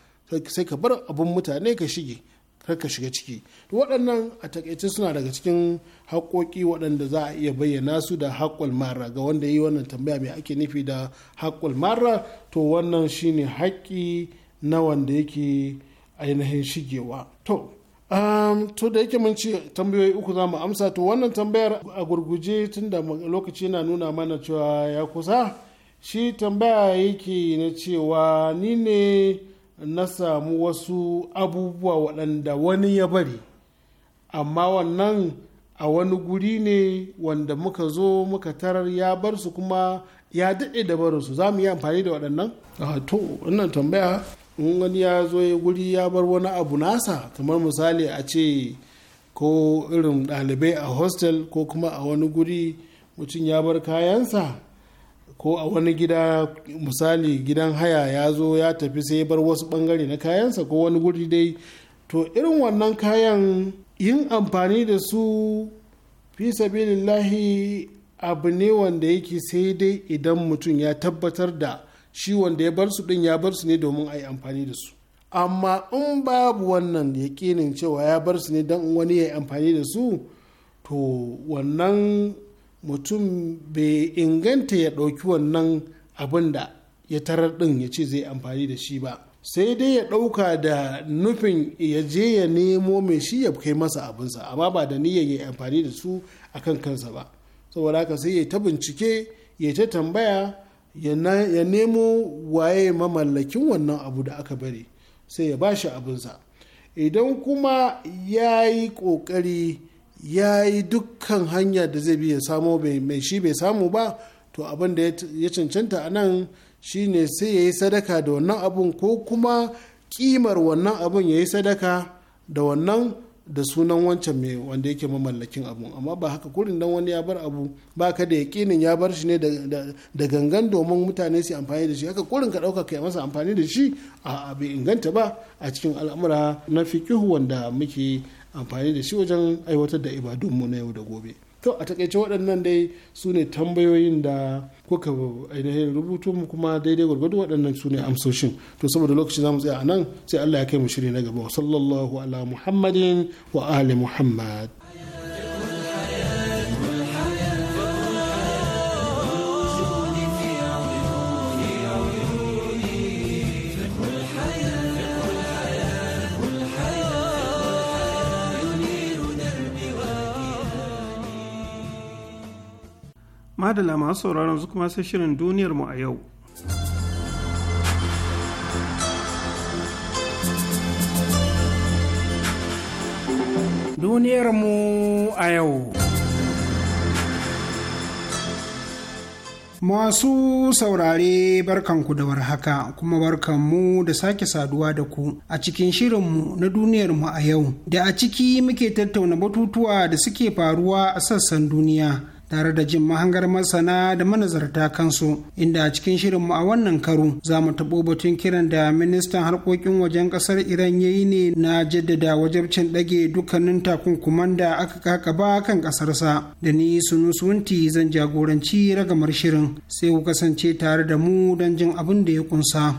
sai ka bar abun mutane ka shige kar ka shiga ciki waɗannan a takaice suna daga cikin haƙoƙi waɗanda za a iya bayyana su da haƙƙul mara ga wanda yi wannan tambaya mai ake nufi da haƙƙul mara to wannan shine haƙƙi na wanda yake ainihin shigewa to Um, to da yake mun ce tambayoyi uku za mu amsa to wannan tambayar a gurguje tun da lokaci na nuna mana cewa ya kusa shi tambaya yake na cewa ni ne na samu wasu abubuwa waɗanda wani ya bari amma wannan a wani guri ne wanda muka zo muka tarar ya bar su kuma ya daɗe da su za mu yi amfani da waɗannan? to wannan tambaya in wani ya zo ya guri ya bar wani abu nasa kamar misali a ce ko irin ɗalibai a hostel ko kuma a wani guri mutum ya bar kayansa ko a wani gida misali gidan haya ya zo ya tafi sai bar wasu bangare na kayansa ko wani guri dai to irin wannan kayan yin amfani da su fi sabilillahi abu ne wanda yake sai dai idan mutum ya tabbatar da shi wanda ya bar su din ya bar su ne domin a yi amfani da su amma in babu wannan yakinin cewa ya bar su ne don wani ya yi amfani da su to wannan mutum bai inganta ya ɗauki wannan abin da ya tarar ɗin ya ce zai amfani da shi ba sai dai ya ɗauka da nufin ya je ya nemo mai shi ya kai masa abinsa amma ba da niyyar ya amfani da su a kan kansa ba saboda haka sai ya ta bincike ya ta tambaya ya nemo waye mamallakin wannan abu da aka bari sai ya ba shi abinsa idan kuma ya yi ƙoƙari ya yi dukkan hanya da zai bi ya samo mai shi bai samu ba to abin da ya cancanta a nan shi ne sai ya yi sadaka da wannan abun ko kuma kimar wannan abun ya yi sadaka da wannan da sunan wancan mai wanda yake mamallakin abu amma ba haka kurin dan wani ya bar abu ba ka da yakinin ya bar shi ne da gangan domin mutane su amfani da shi haka kurin ka dauka kai masa amfani da shi a bai inganta ba a cikin al'amura na fikihu wanda muke amfani da shi wajen aiwatar da ibadunmu na yau da gobe to a takaice waɗannan dai su ne tambayoyin da kuka ainihin rubutu mu kuma daidai gwargwado waɗannan su ne amsoshin to saboda lokaci za mu tsaya a nan sai allah ya kai mu shiri na gaba sallallahu ala muhammadin wa ali muhammad madala masu sauraron su kuma sai shirin duniyar mu a yau duniyar a yau Masu saurare barkanku da warhaka kuma barkanmu da sake saduwa da ku a cikin shirinmu na duniyarmu a yau da a ciki muke tattauna batutuwa da suke faruwa a sassan duniya tare da jin mahangar masana da manazarta kansu inda a cikin shirinmu a wannan karo za mu taɓo batun kiran da ministan harkokin wajen ƙasar iran ya yi ne na jaddada wajabcin ɗage dukkanin takunkuman da aka kakaba kan ƙasarsa da ni sunu sunti zan jagoranci ragamar shirin sai ku kasance tare da mu don jin abin da ya ƙunsa.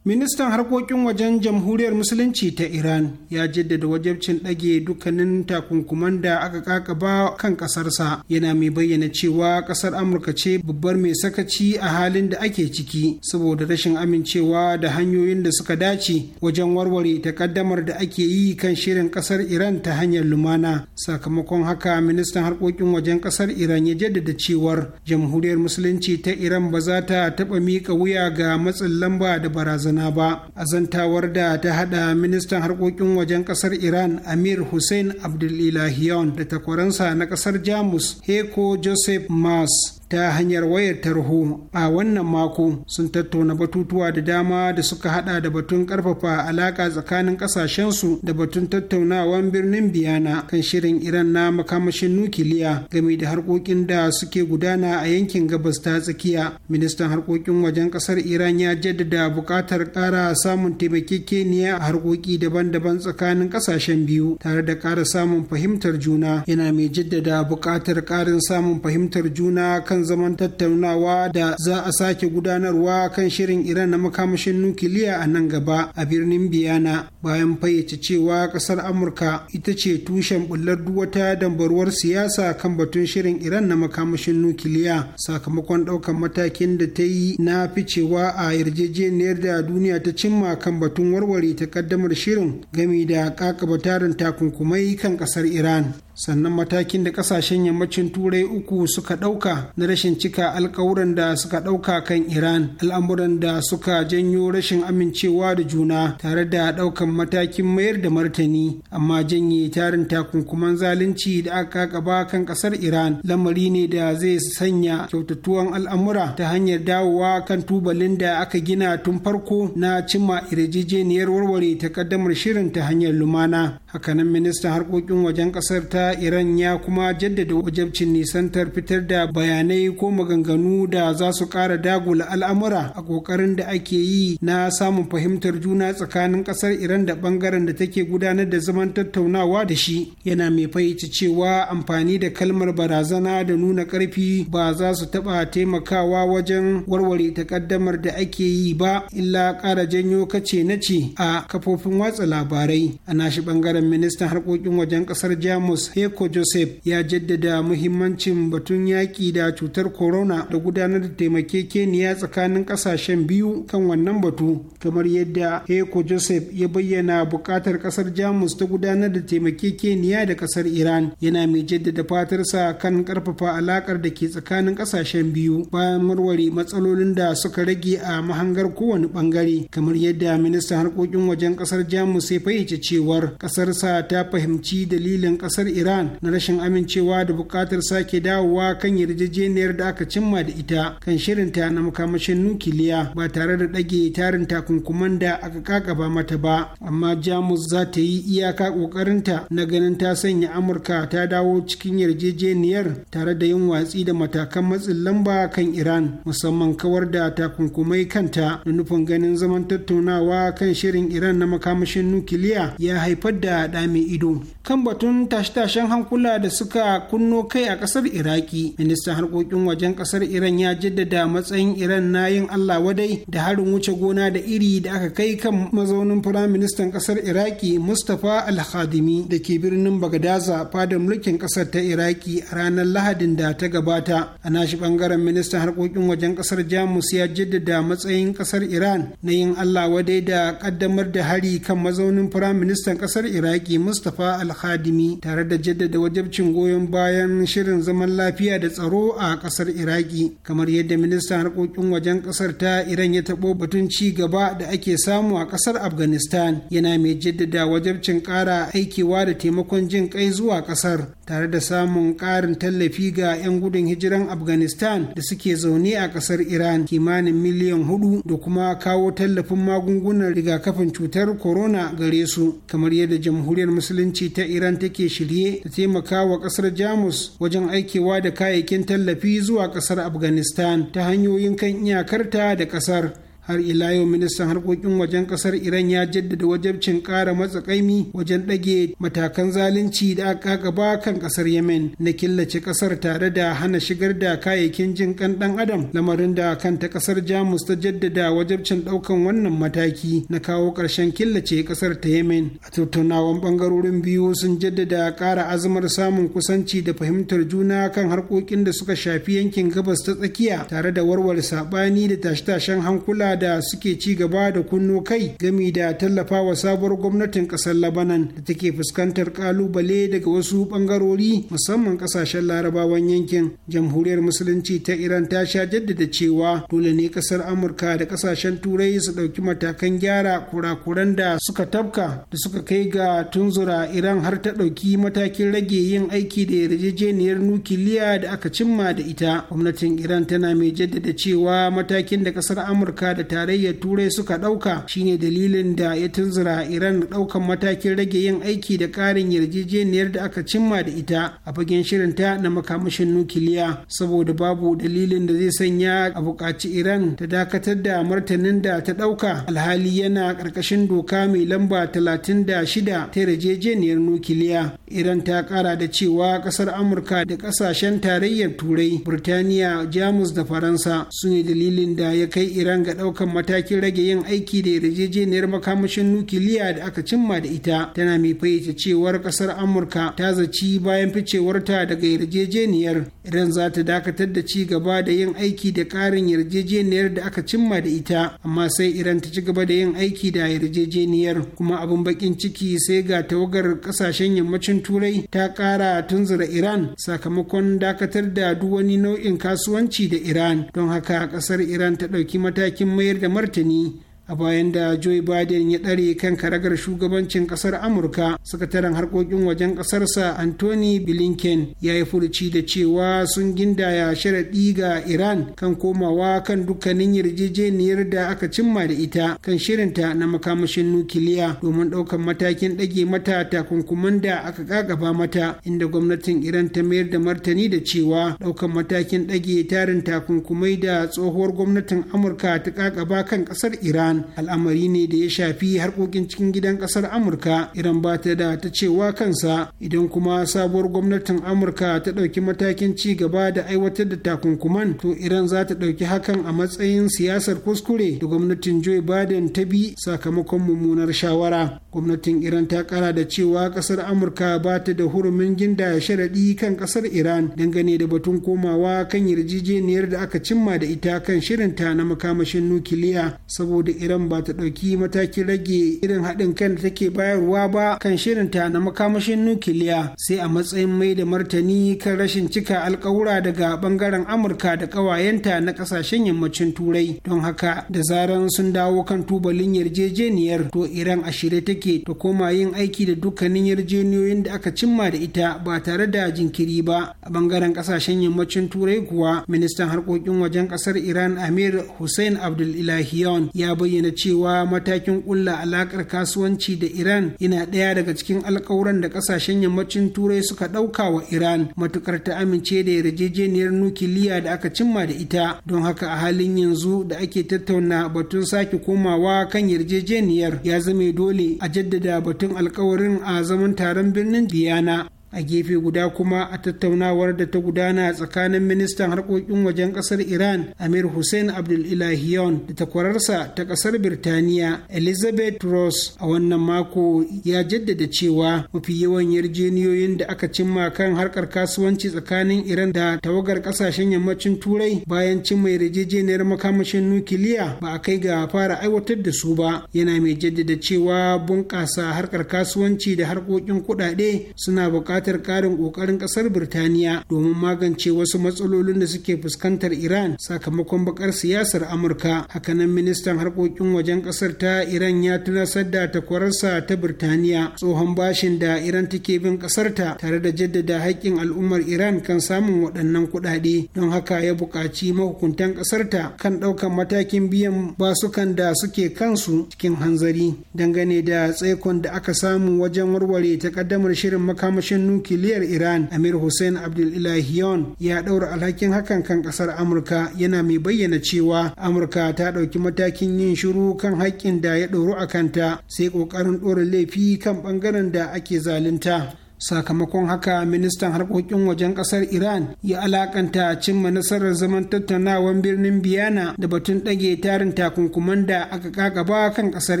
Ministan harkokin wajen jamhuriyar Musulunci ta Iran ya jaddada wajabcin ɗage dukkanin takunkuman da aka kakaba kan ƙasarsa yana mai bayyana cewa ƙasar Amurka ce babbar mai sakaci a halin da ake ciki saboda rashin amincewa da hanyoyin da suka dace wajen warware takaddamar da ake yi kan shirin ƙasar Iran ta hanyar lumana. Sakamakon haka ministan harkokin wajen ƙasar Iran ya jaddada cewar jamhuriyar Musulunci ta Iran ba za ta taɓa miƙa wuya ga matsin lamba da barazana barazana ba azantawar da ta hada ministan harkokin wajen kasar iran amir hussein abdulilahiyon da takwaransa na kasar jamus heko joseph mas ta hanyar wayar tarho a wannan mako sun tattauna batutuwa da dama da suka hada da batun karfafa alaka tsakanin kasashensu da batun tattaunawan birnin biyana kan shirin iran na makamashin nukiliya game da harkokin da suke gudana a yankin gabas ta tsakiya ministan harkokin wajen kasar iran ya jaddada bukatar kara samun taimakekeniya a harkoki daban-daban tsakanin kasashen biyu tare da ƙara samun fahimtar juna yana mai jaddada buƙatar ƙarin samun fahimtar juna kan kan zaman tattaunawa da za a sake gudanarwa kan shirin Iran na makamashin nukiliya a nan gaba a birnin Biyana bayan fayyace cewa kasar Amurka ita ce tushen bullar duwata dambarwar siyasa kan batun shirin Iran na makamashin nukiliya sakamakon ɗaukar matakin da ta yi na ficewa a yarjejeniyar da duniya ta cimma kan batun warware ta takaddamar shirin gami da kakaba tarin takunkumai kan kasar Iran. sannan matakin da kasashen yammacin turai uku suka ɗauka na rashin cika alkawuran da suka ɗauka kan iran al'amuran da suka janyo rashin amincewa da juna tare da ɗaukan matakin mayar da martani amma janye tarin takunkuman zalunci da aka gaba kan ƙasar iran lamari ne da zai sanya kyautatuwan al'amura ta hanyar dawowa kan tubalin da aka gina tun farko na cimma yarjejeniyar warware ta takaddamar shirin ta hanyar lumana hakanan ministan harkokin wajen kasar ta iran ya kuma jaddada wajabcin nisantar fitar da bayanai ko maganganu da za su kara dagula al'amura a kokarin da ake yi na samun fahimtar juna tsakanin kasar iran da bangaren da take gudanar da zaman tattaunawa da shi yana mai fahimci cewa amfani da kalmar barazana da nuna karfi ba za su taba taimakawa wajen warware takaddamar da ake yi ba illa kara janyo kace na ce a kafofin watsa labarai a nashi bangaren ministan harkokin wajen kasar jamus heko joseph ya jaddada muhimmancin batun yaƙi da cutar corona da gudanar da taimakekeniya tsakanin ƙasashen biyu kan wannan batu kamar yadda heko joseph ya bayyana buƙatar ƙasar jamus ta gudanar da taimakekeniya da ƙasar iran yana mai jaddada fatarsa kan ƙarfafa alaƙar da ke tsakanin ƙasashen biyu bayan warware matsalolin da suka rage a mahangar kowane ɓangare kamar yadda ministan harkokin wajen ƙasar jamus ya fayyace cewar ƙasar faransa ta fahimci dalilin kasar iran na rashin amincewa da bukatar sake dawowa kan yarjejeniyar da aka cimma da ita kan shirinta na makamashin nukiliya ba tare da ɗage tarin takunkuman da aka kakaba mata ba amma jamus za ta yi iyaka ƙoƙarinta na ganin ta sanya amurka ta dawo cikin yarjejeniyar tare da yin watsi da matakan matsin lamba kan iran musamman kawar da takunkumai kanta da nufin ganin zaman tattaunawa kan shirin iran na makamashin nukiliya ya haifar da haɗa mai ido kan batun tashe-tashen hankula da suka kunno kai a ƙasar iraki ministan harkokin wajen ƙasar iran ya jaddada matsayin iran na yin allah wadai da harin wuce gona da iri da aka kai kan mazaunin firaministan ƙasar iraki mustapha al-khadimi da ke birnin bagadaza fadar mulkin ƙasar ta iraki a ranar lahadin da ta gabata a nashi ɓangaren ministan harkokin wajen ƙasar jamus ya jaddada matsayin ƙasar iran na yin allah wadai da ƙaddamar da hari kan mazaunin firaministan ƙasar iraki yaƙi mustapha alhadimi tare da jaddada wajabcin goyon bayan shirin zaman lafiya da tsaro a ƙasar iraki kamar yadda ministan harkokin wajen ƙasar ta iran ya taɓo batun ci gaba da ake samu a ƙasar afghanistan yana mai jaddada wajabcin ƙara aikewa da taimakon jin ƙai zuwa ƙasar tare da samun ƙarin tallafi ga 'yan gudun hijiran afghanistan da suke zaune a ƙasar iran kimanin miliyan hudu da kuma kawo tallafin magungunan rigakafin cutar corona gare su kamar yadda jamhuriyar musulunci ta iran take shirye ta taimaka wa kasar jamus wajen aikewa da kayayyakin tallafi zuwa kasar afghanistan ta hanyoyin kan iyakarta da kasar har ila yau ministan harkokin wajen kasar iran ya jaddada wajabcin kara matsa kaimi wajen ɗage matakan zalunci da aka gaba kan kasar yemen na killace kasar tare da hana shigar da kayayyakin jin kan dan adam lamarin da kanta kasar jamus ta jaddada wajabcin ɗaukan wannan mataki na kawo ƙarshen killace kasar ta yemen a tattaunawan ɓangarorin biyu sun jaddada ƙara azumar samun kusanci da fahimtar juna kan harkokin da suka shafi yankin gabas ta tsakiya tare da warware saɓani da tashe-tashen hankula da suke ci gaba da kunno kai gami da tallafa wa sabuwar gwamnatin kasar labanan da take fuskantar kalubale daga wasu bangarori musamman kasashen larabawan yankin jamhuriyar musulunci ta iran ta sha jaddada cewa dole ne kasar amurka da kasashen turai su ɗauki matakan gyara kurakuran da suka tabka da suka kai ga tunzura iran har ta ɗauki matakin rage yin aiki da yarjejeniyar nukiliya da aka cimma da ita gwamnatin iran tana mai jaddada cewa matakin da kasar amurka da da tarayyar turai suka ɗauka shine dalilin da ya tunzura iran ɗaukan matakin rage yin aiki da ƙarin yarjejeniyar da aka cimma da ita a fagen shirinta na makamashin nukiliya saboda babu dalilin da zai sanya a buƙaci iran ta dakatar da martanin da ta ɗauka alhali yana ƙarƙashin doka mai lamba 36 ta yarjejeniyar nukiliya iran ta ƙara da cewa ƙasar amurka da ƙasashen tarayyar turai burtaniya jamus da faransa su ne dalilin da ya kai iran ga ɗaukar ɗaukan matakin rage yin aiki da yarjejeniyar makamashin nukiliya da aka cimma da ita tana mai fayyace cewar kasar amurka ta zaci bayan ficewarta daga yarjejeniyar idan za ta dakatar da ci gaba da yin aiki da ƙarin yarjejeniyar da aka cimma da ita amma sai iran ta ci gaba da yin aiki da yarjejeniyar kuma abin bakin ciki sai ga tawagar ƙasashen yammacin turai ta kara tunzura iran sakamakon dakatar da duk wani nau'in kasuwanci da iran don haka kasar iran ta ɗauki matakin mai koyar da martani a bayan da joe biden ya ɗare kan karagar shugabancin ƙasar amurka sakataren harkokin wajen ƙasarsa anthony blinken ya yi furuci da cewa sun gindaya sharaɗi ga iran kan komawa kan dukkanin yarjejeniyar da aka cimma da ita kan shirinta na makamashin nukiliya domin ɗaukan matakin ɗage mata takunkuman da aka ƙaƙaba mata inda gwamnatin iran ta mayar da martani da cewa ɗaukan matakin ɗage tarin takunkumai da tsohuwar gwamnatin amurka ta ƙaƙaba kan ƙasar iran Taiwan al'amari ne da ya shafi harkokin cikin gidan ƙasar amurka iran ba ta da ta cewa kansa idan kuma sabuwar gwamnatin amurka ta ɗauki matakin ci gaba da aiwatar da takunkuman to iran za ta ɗauki hakan a matsayin siyasar kuskure da gwamnatin joe biden ta bi sakamakon mummunar shawara gwamnatin iran ta kara da cewa ƙasar amurka ba ta da hurumin ginda sharaɗi kan ƙasar iran dangane da batun komawa kan yarjejeniyar da aka cimma da ita kan shirinta na makamashin nukiliya saboda iran ba ta ɗauki matakin rage irin haɗin kan da take bayarwa ba kan shirinta na makamashin nukiliya sai a matsayin mai da martani kan rashin cika alkawura daga bangaren amurka da ƙawayenta na ƙasashen yammacin turai don haka da zaran sun dawo kan tubalin yarjejeniyar to iran a shirye take ta koma yin aiki da dukkanin yarjejeniyoyin da aka cimma da ita ba tare da jinkiri ba a bangaren ƙasashen yammacin turai kuwa ministan harkokin wajen ƙasar iran amir hussein abdul ilahiyon ya bayyana bayyana cewa matakin ƙulla alakar kasuwanci da Iran yana ɗaya daga cikin alkawuran da ƙasashen yammacin Turai suka ɗauka wa Iran matukar ta amince da yarjejeniyar nukiliya da aka cimma da ita don haka a halin yanzu da ake tattauna batun sake komawa kan yarjejeniyar ya zame dole a jaddada batun alkawarin a zaman taron birnin Biyana a gefe guda kuma a tattaunawar da ta gudana tsakanin ministan harkokin wajen kasar iran amir hussein abdulilahiyon da takwararsa ta kasar birtaniya elizabeth ross a wannan mako ya jaddada cewa mafi yawan yarjeniyoyin da aka cimma kan harkar kasuwanci tsakanin iran da tawagar kasashen yammacin turai bayan cimma yarjejeniyar makamashin nukiliya ba a kai ga fara aiwatar da su ba yana mai jaddada cewa bunƙasa harkar kasuwanci da harkokin kuɗaɗe suna buƙatar buƙatar ƙarin ƙoƙarin ƙasar birtaniya domin magance wasu matsalolin da suke fuskantar iran sakamakon bakar siyasar amurka hakanan ministan harkokin wajen ƙasar ta iran ya tunasar da takwararsa ta birtaniya tsohon bashin da iran take bin ƙasar ta tare da jaddada haƙƙin al'ummar iran kan samun waɗannan kuɗaɗe don haka ya buƙaci mahukuntan ƙasar ta kan ɗaukan matakin biyan basukan da suke kansu cikin hanzari dangane da tsaikon da aka samu wajen warware takaddamar shirin makamashin nukiliyar iran amir hussein abdulilahiyon ya ɗaura alhakin hakan kan ƙasar amurka yana mai bayyana cewa amurka ta ɗauki matakin yin shiru kan haƙƙin da ya ɗoru a kanta sai ƙoƙarin ɗora laifi kan ɓangaren da ake zalunta sakamakon haka ministan harkokin wajen kasar iran ya alakanta cimma nasarar zaman tattaunawan birnin biyana da batun ɗage tarin takunkuman da aka kakaba kan kasar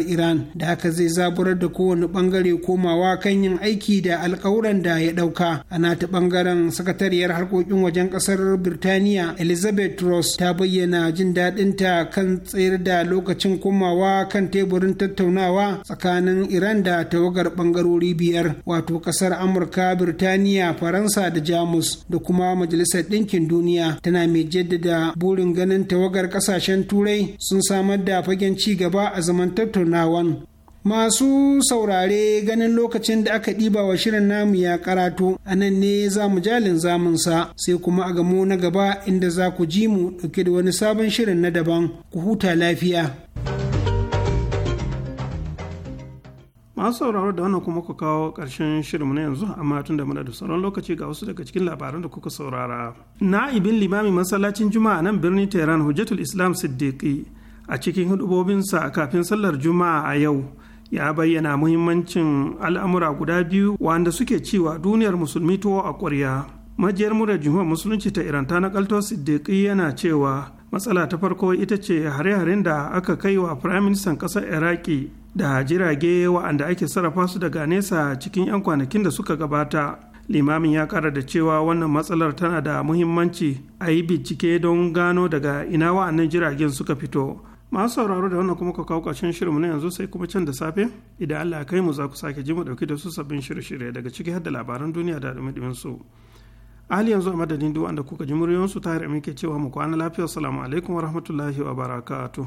iran da haka zai zaburar da kowane ɓangare komawa kan yin aiki da alkawuran da ya ɗauka a nata bangaren sakatariyar harkokin wajen kasar birtaniya elizabeth ross ta bayyana jin daɗinta kan tsayar da lokacin komawa kan teburin tattaunawa tsakanin iran da tawagar bangarori biyar wato kasar amurka amurka birtaniya faransa da jamus da kuma majalisar ɗinkin duniya tana mai jaddada burin ganin tawagar ƙasashen turai sun samar da fagen ci gaba a zaman tattaunawan masu saurare ganin lokacin da aka ɗiba wa shirin namu ya karatu a nan ne za mu jalin zamunsa sai kuma a gamo na gaba inda za ku ji mu ɗauke da wani sabon shirin na daban ku huta lafiya. masu sauraro da wannan kuma ku kawo ƙarshen shirinmu na yanzu amma tun da muna da sauran lokaci ga wasu daga cikin labaran da kuka saurara na'ibin limami masallacin juma'a nan birnin tehran hujjatul islam siddiqi a cikin hudubobinsa kafin sallar juma'a a yau ya bayyana muhimmancin al'amura guda biyu wanda suke cewa duniyar musulmi tuwo a ƙwarya majiyar murar jihuwar musulunci ta iran ta nakalto siddiqi yana cewa matsala ta farko ita ce hare-haren da aka kai wa firaministan ƙasar iraki da jirage wa'anda ake sarrafa su daga nesa cikin 'yan kwanakin da suka gabata limamin ya kara da cewa wannan matsalar tana da muhimmanci a yi bincike don gano daga ina wa'annan jiragen suka fito masu sauraro da wannan kuma ka kawo ƙarshen shirin na yanzu sai kuma can da safe idan allah kai mu za ku sake ji mu ɗauki da su sabbin shirye-shirye daga ciki har da labaran duniya da dumi su a hali yanzu a madadin duk wanda kuka ji muryoyinsu ta har ke cewa mu kwana lafiya salamu alaikum wa rahmatullahi wa barakatu.